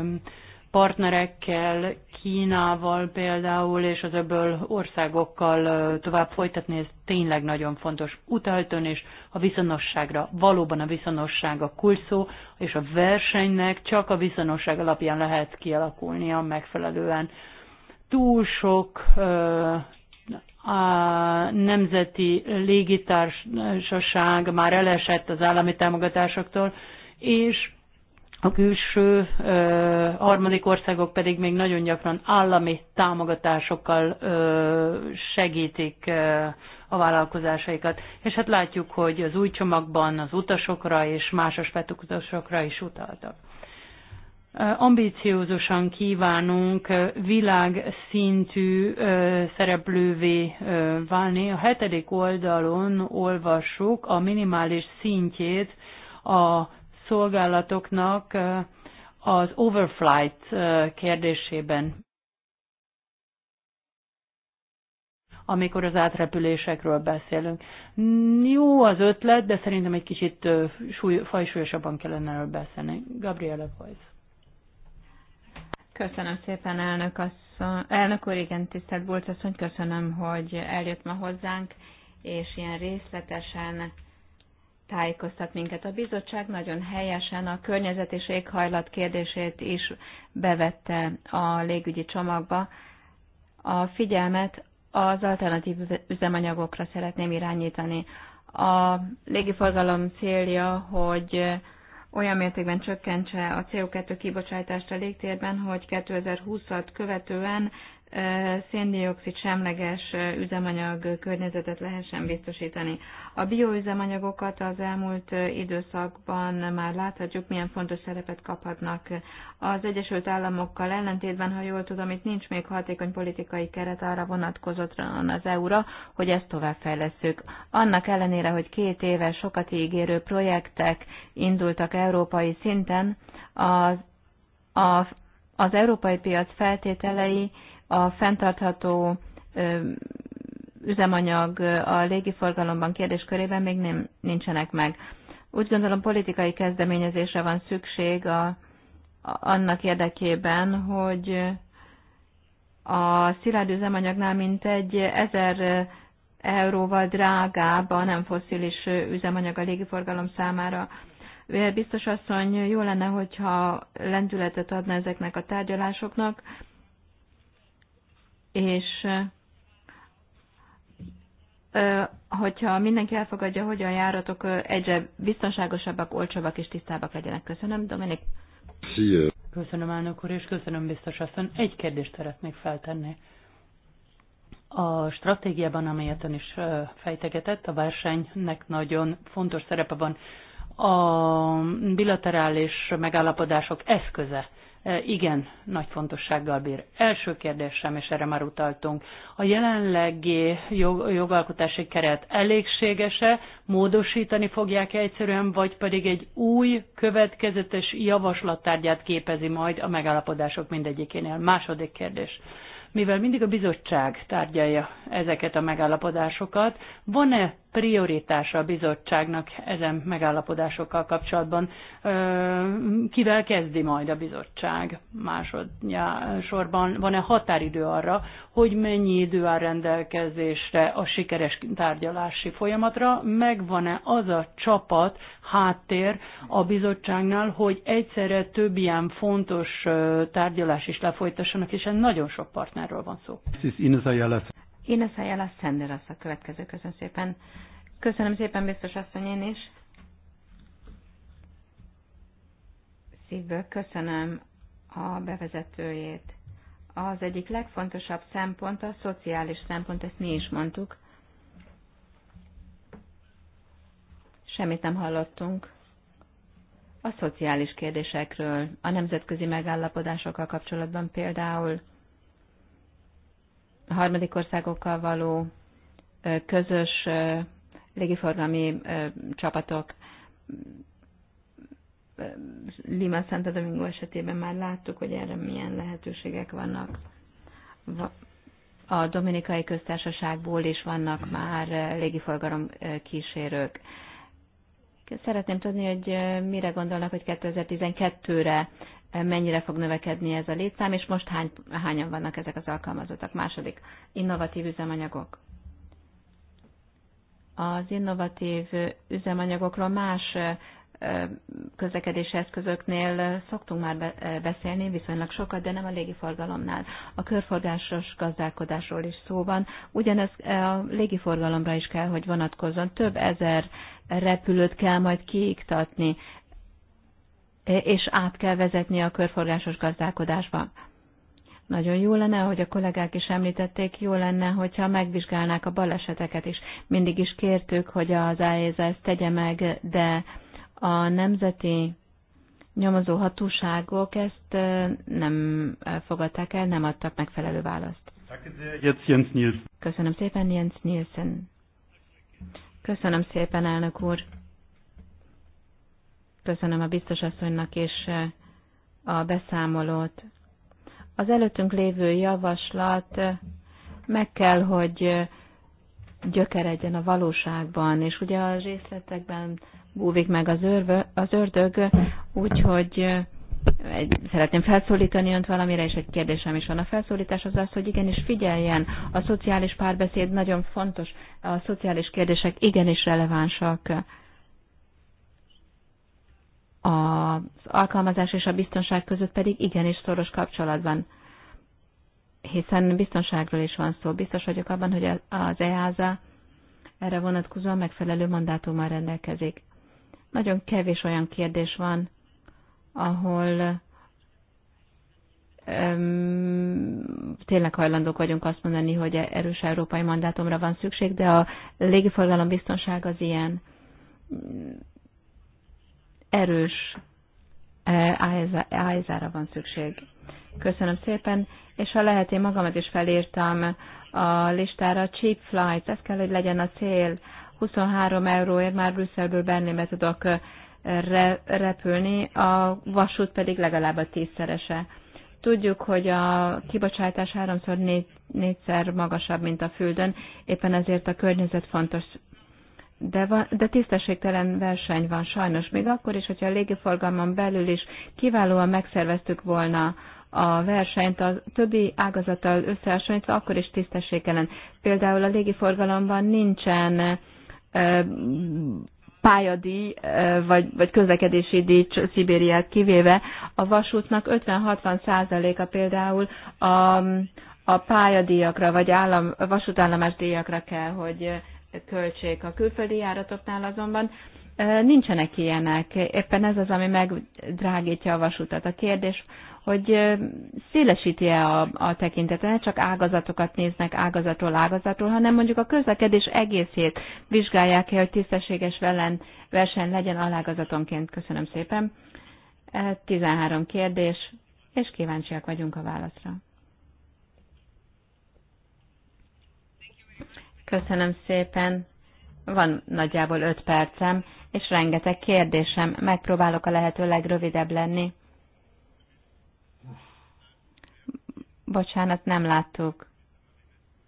partnerekkel, Kínával például, és az ebből országokkal tovább folytatni, ez tényleg nagyon fontos. Utaltön és a viszonosságra, valóban a viszonosság a kulszó, és a versenynek csak a viszonosság alapján lehet kialakulnia megfelelően túl sok a nemzeti légitársaság már elesett az állami támogatásoktól, és a külső harmadik országok pedig még nagyon gyakran állami támogatásokkal segítik a vállalkozásaikat. És hát látjuk, hogy az új csomagban az utasokra és más aspektusokra is utaltak ambíciózusan kívánunk világszintű szereplővé válni. A hetedik oldalon olvassuk a minimális szintjét a szolgálatoknak az overflight kérdésében. amikor az átrepülésekről beszélünk. Jó az ötlet, de szerintem egy kicsit súly, fajsúlyosabban kellene erről beszélni. Gabriela Voice. Köszönöm szépen, elnök, asszony, elnök úr, igen, tisztelt Bulc asszony, köszönöm, hogy eljött ma hozzánk, és ilyen részletesen tájékoztat minket. A bizottság nagyon helyesen a környezet és éghajlat kérdését is bevette a légügyi csomagba. A figyelmet az alternatív üzemanyagokra szeretném irányítani. A légiforgalom célja, hogy olyan mértékben csökkentse a CO2 kibocsátást a légtérben, hogy 2020-at követően széndiokszid semleges üzemanyag környezetet lehessen biztosítani. A bioüzemanyagokat az elmúlt időszakban már láthatjuk, milyen fontos szerepet kaphatnak. Az Egyesült Államokkal ellentétben, ha jól tudom, itt nincs még hatékony politikai keret arra vonatkozottan az EU-ra, hogy ezt továbbfejlesszük. Annak ellenére, hogy két éve sokat ígérő projektek indultak európai szinten, az, a, az európai piac feltételei a fenntartható üzemanyag a légiforgalomban kérdéskörében még nem, nincsenek meg. Úgy gondolom politikai kezdeményezésre van szükség a, annak érdekében, hogy a szilárd üzemanyagnál mintegy 1000 euróval drágább a nem foszilis üzemanyag a légiforgalom számára. Biztos asszony, jó lenne, hogyha lendületet adna ezeknek a tárgyalásoknak, és hogyha mindenki elfogadja, hogy a járatok egyre biztonságosabbak, olcsóbbak és tisztábbak legyenek. Köszönöm, Dominik. Szia. Köszönöm, elnök úr, és köszönöm, biztos asszony. Egy kérdést szeretnék feltenni. A stratégiában, amelyet ön is fejtegetett, a versenynek nagyon fontos szerepe van. A bilaterális megállapodások eszköze E, igen nagy fontossággal bír. Első kérdésem, és erre már utaltunk, a jelenlegi jog, jogalkotási keret elégségese, módosítani fogják -e egyszerűen, vagy pedig egy új, következetes javaslattárgyát képezi majd a megállapodások mindegyikénél. Második kérdés mivel mindig a bizottság tárgyalja ezeket a megállapodásokat, van-e prioritása a bizottságnak ezen megállapodásokkal kapcsolatban? Kivel kezdi majd a bizottság másodjásorban? sorban? Van-e határidő arra, hogy mennyi idő áll rendelkezésre a sikeres tárgyalási folyamatra? Megvan-e az a csapat, háttér a bizottságnál, hogy egyszerre több ilyen fontos tárgyalás is lefolytassanak, és nagyon sok partnerről van szó. Ez Ines Ayala. Ines Ayala Sender az a következő. Köszönöm szépen. Köszönöm szépen, biztos asszony, én is. Szívből köszönöm a bevezetőjét. Az egyik legfontosabb szempont a szociális szempont, ezt mi is mondtuk. Semmit nem hallottunk a szociális kérdésekről, a nemzetközi megállapodásokkal kapcsolatban például a harmadik országokkal való közös légiforgalmi csapatok. Lima Santo Domingo esetében már láttuk, hogy erre milyen lehetőségek vannak. A Dominikai Köztársaságból is vannak már légiforgalom kísérők. Szeretném tudni, hogy mire gondolnak, hogy 2012-re mennyire fog növekedni ez a létszám, és most hány, hányan vannak ezek az alkalmazottak. Második, innovatív üzemanyagok az innovatív üzemanyagokról más közlekedési eszközöknél szoktunk már beszélni, viszonylag sokat, de nem a légiforgalomnál. A körforgásos gazdálkodásról is szó van. Ugyanez a légiforgalomra is kell, hogy vonatkozzon. Több ezer repülőt kell majd kiiktatni, és át kell vezetni a körforgásos gazdálkodásba. Nagyon jó lenne, ahogy a kollégák is említették, jó lenne, hogyha megvizsgálnák a baleseteket is. Mindig is kértük, hogy az AEZ ezt tegye meg, de a nemzeti nyomozó hatóságok ezt nem fogadták el, nem adtak megfelelő választ. Köszönöm szépen, Jens Nielsen. Köszönöm szépen, elnök úr. Köszönöm a biztos asszonynak és a beszámolót. Az előttünk lévő javaslat meg kell, hogy gyökeredjen a valóságban, és ugye a részletekben búvik meg az, őrvö, az ördög, úgyhogy szeretném felszólítani önt valamire, és egy kérdésem is van. A felszólítás az az, hogy igenis figyeljen, a szociális párbeszéd nagyon fontos, a szociális kérdések igenis relevánsak az alkalmazás és a biztonság között pedig igenis szoros kapcsolat van. Hiszen biztonságról is van szó. Biztos vagyok abban, hogy az EASA erre vonatkozóan megfelelő mandátummal rendelkezik. Nagyon kevés olyan kérdés van, ahol öm, tényleg hajlandók vagyunk azt mondani, hogy erős európai mandátumra van szükség, de a légiforgalom biztonság az ilyen erős eh, ájzára van szükség. Köszönöm szépen, és ha lehet, én magamat is felírtam a listára cheap flights, ez kell, hogy legyen a cél. 23 euróért már Brüsszelből Berlinbe tudok eh, repülni, a vasút pedig legalább a tízszerese. Tudjuk, hogy a kibocsátás háromszor négyszer magasabb, mint a földön, éppen ezért a környezet fontos de, van, de tisztességtelen verseny van sajnos, még akkor is, hogyha a légiforgalmon belül is kiválóan megszerveztük volna a versenyt a többi ágazattal összehasonlítva, akkor is tisztességtelen. Például a légiforgalomban nincsen ö, pályadíj vagy, vagy közlekedési díj Szibériát kivéve, a vasútnak 50-60 százaléka például a, a pályadíjakra vagy állam, vasútállomás díjakra kell, hogy költség. A külföldi járatoknál azonban nincsenek ilyenek. Éppen ez az, ami megdrágítja a vasutat. A kérdés, hogy szélesíti-e a, a tekintetet, ne csak ágazatokat néznek ágazatról ágazatról, hanem mondjuk a közlekedés egészét vizsgálják-e, hogy tisztességes velen, verseny legyen alágazatonként. Köszönöm szépen. 13 kérdés, és kíváncsiak vagyunk a válaszra. Köszönöm szépen. Van nagyjából öt percem, és rengeteg kérdésem. Megpróbálok a lehető legrövidebb lenni. Bocsánat, nem láttuk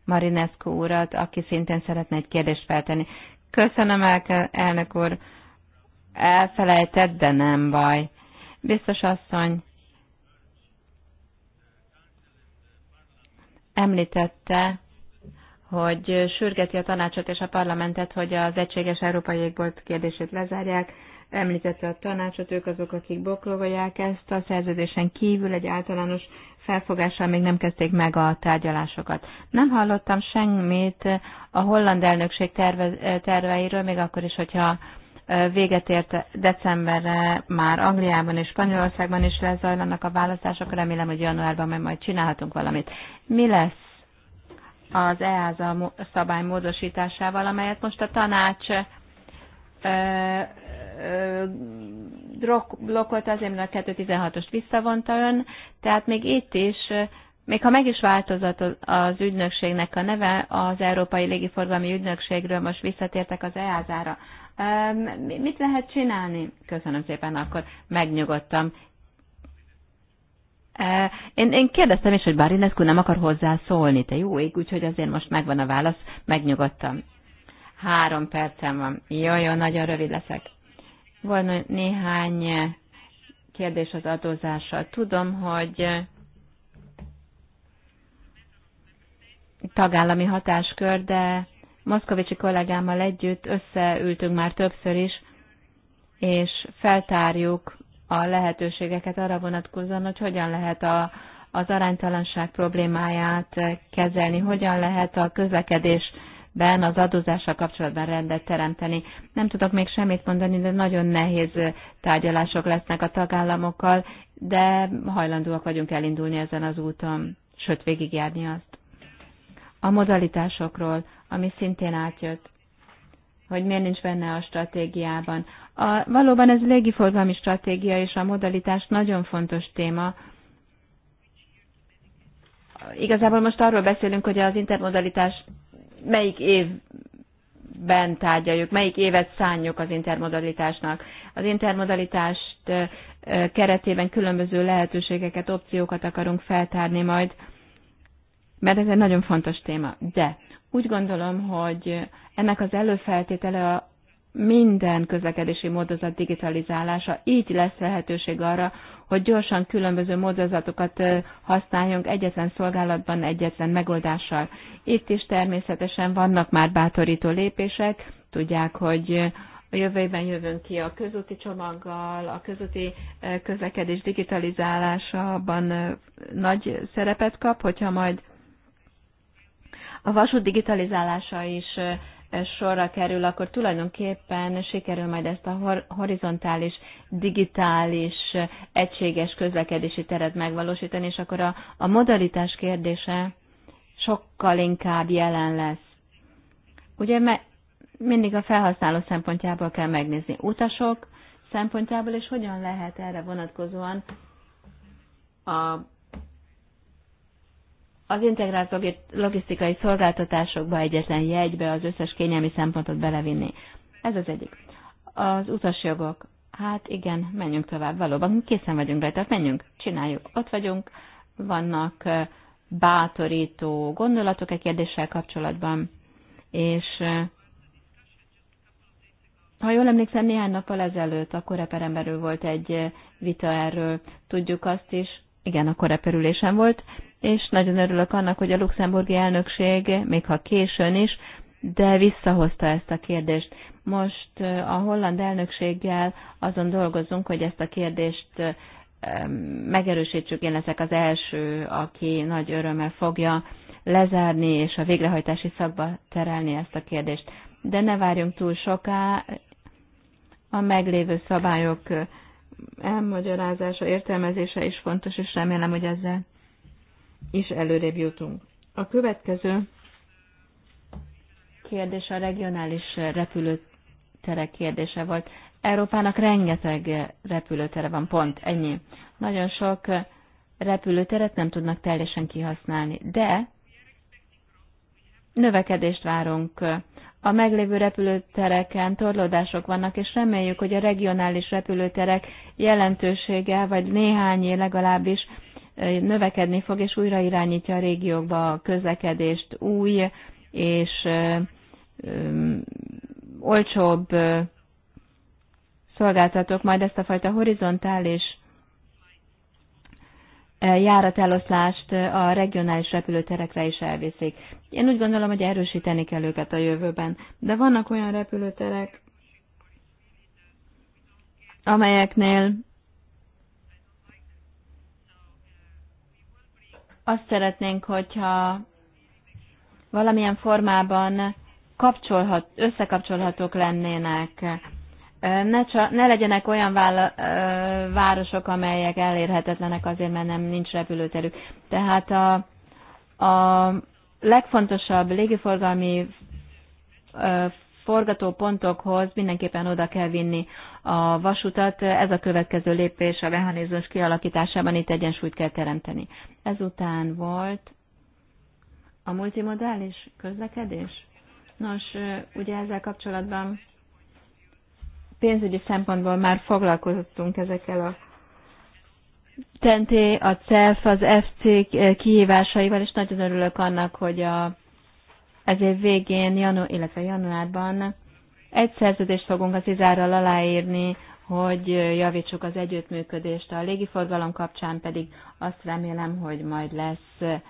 Marinescu urat, aki szintén szeretne egy kérdést feltenni. Köszönöm, el, elnök úr. Elfelejtett, de nem baj. Biztos asszony említette, hogy sürgeti a tanácsot és a parlamentet, hogy az egységes európai égbolt kérdését lezárják. Említette a tanácsot, ők azok, akik boklogolják ezt. A szerződésen kívül egy általános felfogással még nem kezdték meg a tárgyalásokat. Nem hallottam semmit a holland elnökség terve, terveiről, még akkor is, hogyha véget ért decemberre már Angliában és Spanyolországban is lezajlanak a választások, remélem, hogy januárban majd csinálhatunk valamit. Mi lesz az EASA szabály módosításával, amelyet most a tanács blokkolt azért, mert a 216-ost visszavonta ön, tehát még itt is, még ha meg is változott az ügynökségnek a neve, az Európai Légiforgalmi Ügynökségről most visszatértek az EASA-ra. Mit lehet csinálni? Köszönöm szépen, akkor megnyugodtam, én, én kérdeztem is, hogy bár Inescu nem akar hozzászólni, te jó ég, úgyhogy azért most megvan a válasz, megnyugodtam. Három percem van. Jó, jó, nagyon rövid leszek. Van néhány kérdés az adózással. Tudom, hogy tagállami hatáskör, de Moszkovicsi kollégámmal együtt összeültünk már többször is, és feltárjuk a lehetőségeket arra vonatkozóan, hogy hogyan lehet a, az aránytalanság problémáját kezelni, hogyan lehet a közlekedésben az adózással kapcsolatban rendet teremteni. Nem tudok még semmit mondani, de nagyon nehéz tárgyalások lesznek a tagállamokkal, de hajlandóak vagyunk elindulni ezen az úton, sőt végigjárni azt. A modalitásokról, ami szintén átjött, hogy miért nincs benne a stratégiában. A, valóban ez légiforgalmi stratégia és a modalitás nagyon fontos téma. Igazából most arról beszélünk, hogy az intermodalitás melyik évben tárgyaljuk, melyik évet szánjuk az intermodalitásnak. Az intermodalitást keretében különböző lehetőségeket, opciókat akarunk feltárni majd, mert ez egy nagyon fontos téma. De úgy gondolom, hogy ennek az előfeltétele minden közlekedési módozat digitalizálása. Így lesz lehetőség arra, hogy gyorsan különböző módozatokat használjunk egyetlen szolgálatban, egyetlen megoldással. Itt is természetesen vannak már bátorító lépések, tudják, hogy a jövőben jövünk ki a közúti csomaggal, a közúti közlekedés digitalizálásában nagy szerepet kap, hogyha majd a vasút digitalizálása is sorra kerül, akkor tulajdonképpen sikerül majd ezt a horizontális, digitális, egységes közlekedési teret megvalósítani, és akkor a, a modalitás kérdése sokkal inkább jelen lesz. Ugye me, mindig a felhasználó szempontjából kell megnézni utasok szempontjából, és hogyan lehet erre vonatkozóan a az integrált logisztikai szolgáltatásokba egyetlen jegybe az összes kényelmi szempontot belevinni. Ez az egyik. Az utasjogok. Hát igen, menjünk tovább. Valóban készen vagyunk rajta, hát menjünk, csináljuk. Ott vagyunk, vannak bátorító gondolatok egy kérdéssel kapcsolatban, és ha jól emlékszem, néhány nappal ezelőtt a koreperen volt egy vita erről. Tudjuk azt is, igen, a korepörülésem volt, és nagyon örülök annak, hogy a luxemburgi elnökség, még ha későn is, de visszahozta ezt a kérdést. Most a holland elnökséggel azon dolgozunk, hogy ezt a kérdést megerősítsük. Én leszek az első, aki nagy örömmel fogja lezárni és a végrehajtási szakba terelni ezt a kérdést. De ne várjunk túl soká, a meglévő szabályok elmagyarázása, értelmezése is fontos, és remélem, hogy ezzel is előrébb jutunk. A következő kérdés a regionális repülőterek kérdése volt. Európának rengeteg repülőtere van, pont ennyi. Nagyon sok repülőteret nem tudnak teljesen kihasználni, de növekedést várunk a meglévő repülőtereken torlódások vannak, és reméljük, hogy a regionális repülőterek jelentősége, vagy néhány legalábbis növekedni fog, és újra irányítja a régiókba a közlekedést új és ö, ö, olcsóbb szolgáltatók majd ezt a fajta horizontális járateloszlást a regionális repülőterekre is elviszik. Én úgy gondolom, hogy erősíteni kell őket a jövőben. De vannak olyan repülőterek, amelyeknél azt szeretnénk, hogyha valamilyen formában kapcsolhat, összekapcsolhatók lennének ne, csak, ne legyenek olyan vála, városok, amelyek elérhetetlenek azért, mert nem nincs repülőterük. Tehát a, a legfontosabb légiforgalmi forgatópontokhoz mindenképpen oda kell vinni a vasutat. Ez a következő lépés a mechanizmus kialakításában, itt egyensúlyt kell teremteni. Ezután volt a multimodális közlekedés. Nos, ugye ezzel kapcsolatban pénzügyi szempontból már foglalkozottunk ezekkel a TNT, a CEF, az FC kihívásaival, és nagyon örülök annak, hogy a, ez év végén, janu, illetve januárban egy szerződést fogunk az Izárral aláírni, hogy javítsuk az együttműködést. A légiforgalom kapcsán pedig azt remélem, hogy majd lesz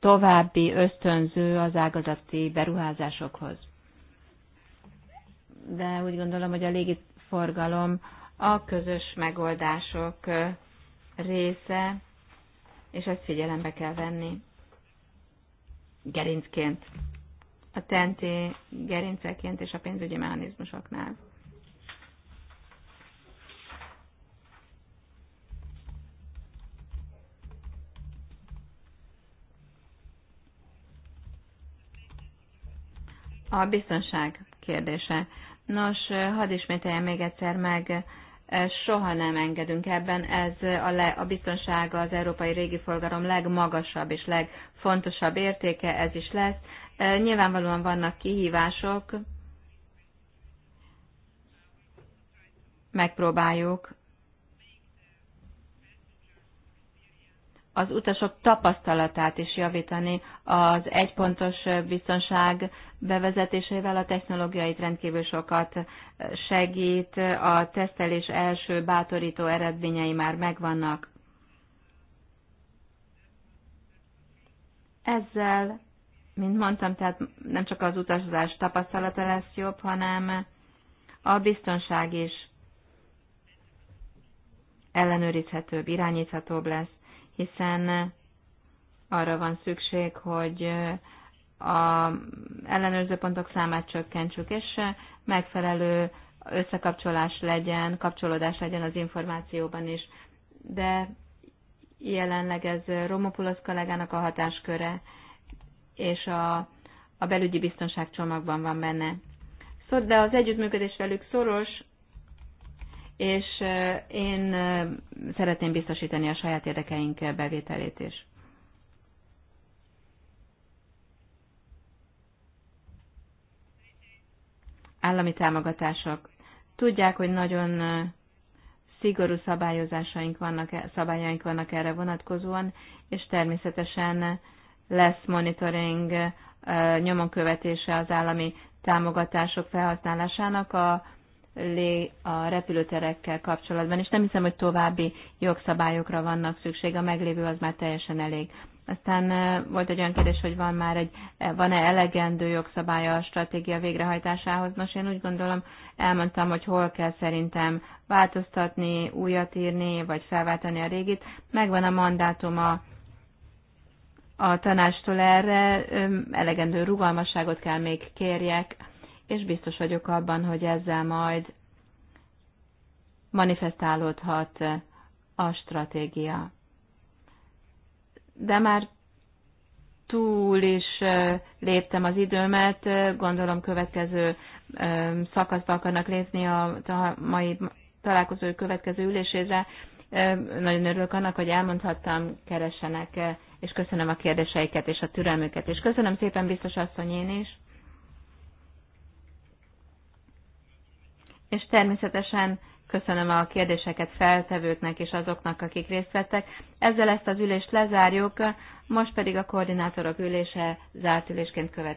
további ösztönző az ágazati beruházásokhoz. De úgy gondolom, hogy a légi forgalom a közös megoldások része, és ezt figyelembe kell venni gerincként. A tenti gerinceként és a pénzügyi mechanizmusoknál. A biztonság kérdése. Nos, eh, hadd ismételjem még egyszer meg, eh, soha nem engedünk ebben, ez eh, a, le, a biztonsága az európai régi forgalom legmagasabb és legfontosabb értéke, ez is lesz. Nyilvánvalóan vannak kihívások, megpróbáljuk az utasok tapasztalatát is javítani az egypontos biztonság bevezetésével a technológiait rendkívül sokat segít, a tesztelés első bátorító eredményei már megvannak. Ezzel, mint mondtam, tehát nem csak az utazás tapasztalata lesz jobb, hanem a biztonság is ellenőrizhetőbb, irányíthatóbb lesz hiszen eh, arra van szükség, hogy eh, a ellenőrző pontok számát csökkentsük, és eh, megfelelő összekapcsolás legyen, kapcsolódás legyen az információban is. De jelenleg ez Romopulos kollégának a hatásköre, és a, a belügyi biztonság csomagban van benne. Szóval, de az együttműködés velük szoros, és én szeretném biztosítani a saját érdekeink bevételét is. Állami támogatások. Tudják, hogy nagyon szigorú szabályozásaink vannak, e, szabályaink vannak erre vonatkozóan, és természetesen lesz monitoring, nyomon követése az állami támogatások felhasználásának a a repülőterekkel kapcsolatban, és nem hiszem, hogy további jogszabályokra vannak szükség, a meglévő az már teljesen elég. Aztán volt egy olyan kérdés, hogy van már egy, e, van-e elegendő jogszabálya a stratégia végrehajtásához. Nos, én úgy gondolom, elmondtam, hogy hol kell szerintem változtatni, újat írni, vagy felváltani a régit. Megvan a mandátum a, a tanástól erre, elegendő rugalmasságot kell még kérjek, és biztos vagyok abban, hogy ezzel majd manifestálódhat a stratégia. De már túl is léptem az időmet, gondolom következő szakaszba akarnak lépni a mai találkozó következő ülésére. Nagyon örülök annak, hogy elmondhattam, keresenek, és köszönöm a kérdéseiket és a türelmüket, és köszönöm szépen biztos asszony én is és természetesen köszönöm a kérdéseket feltevőknek és azoknak, akik részt vettek. Ezzel ezt az ülést lezárjuk, most pedig a koordinátorok ülése zárt ülésként követ.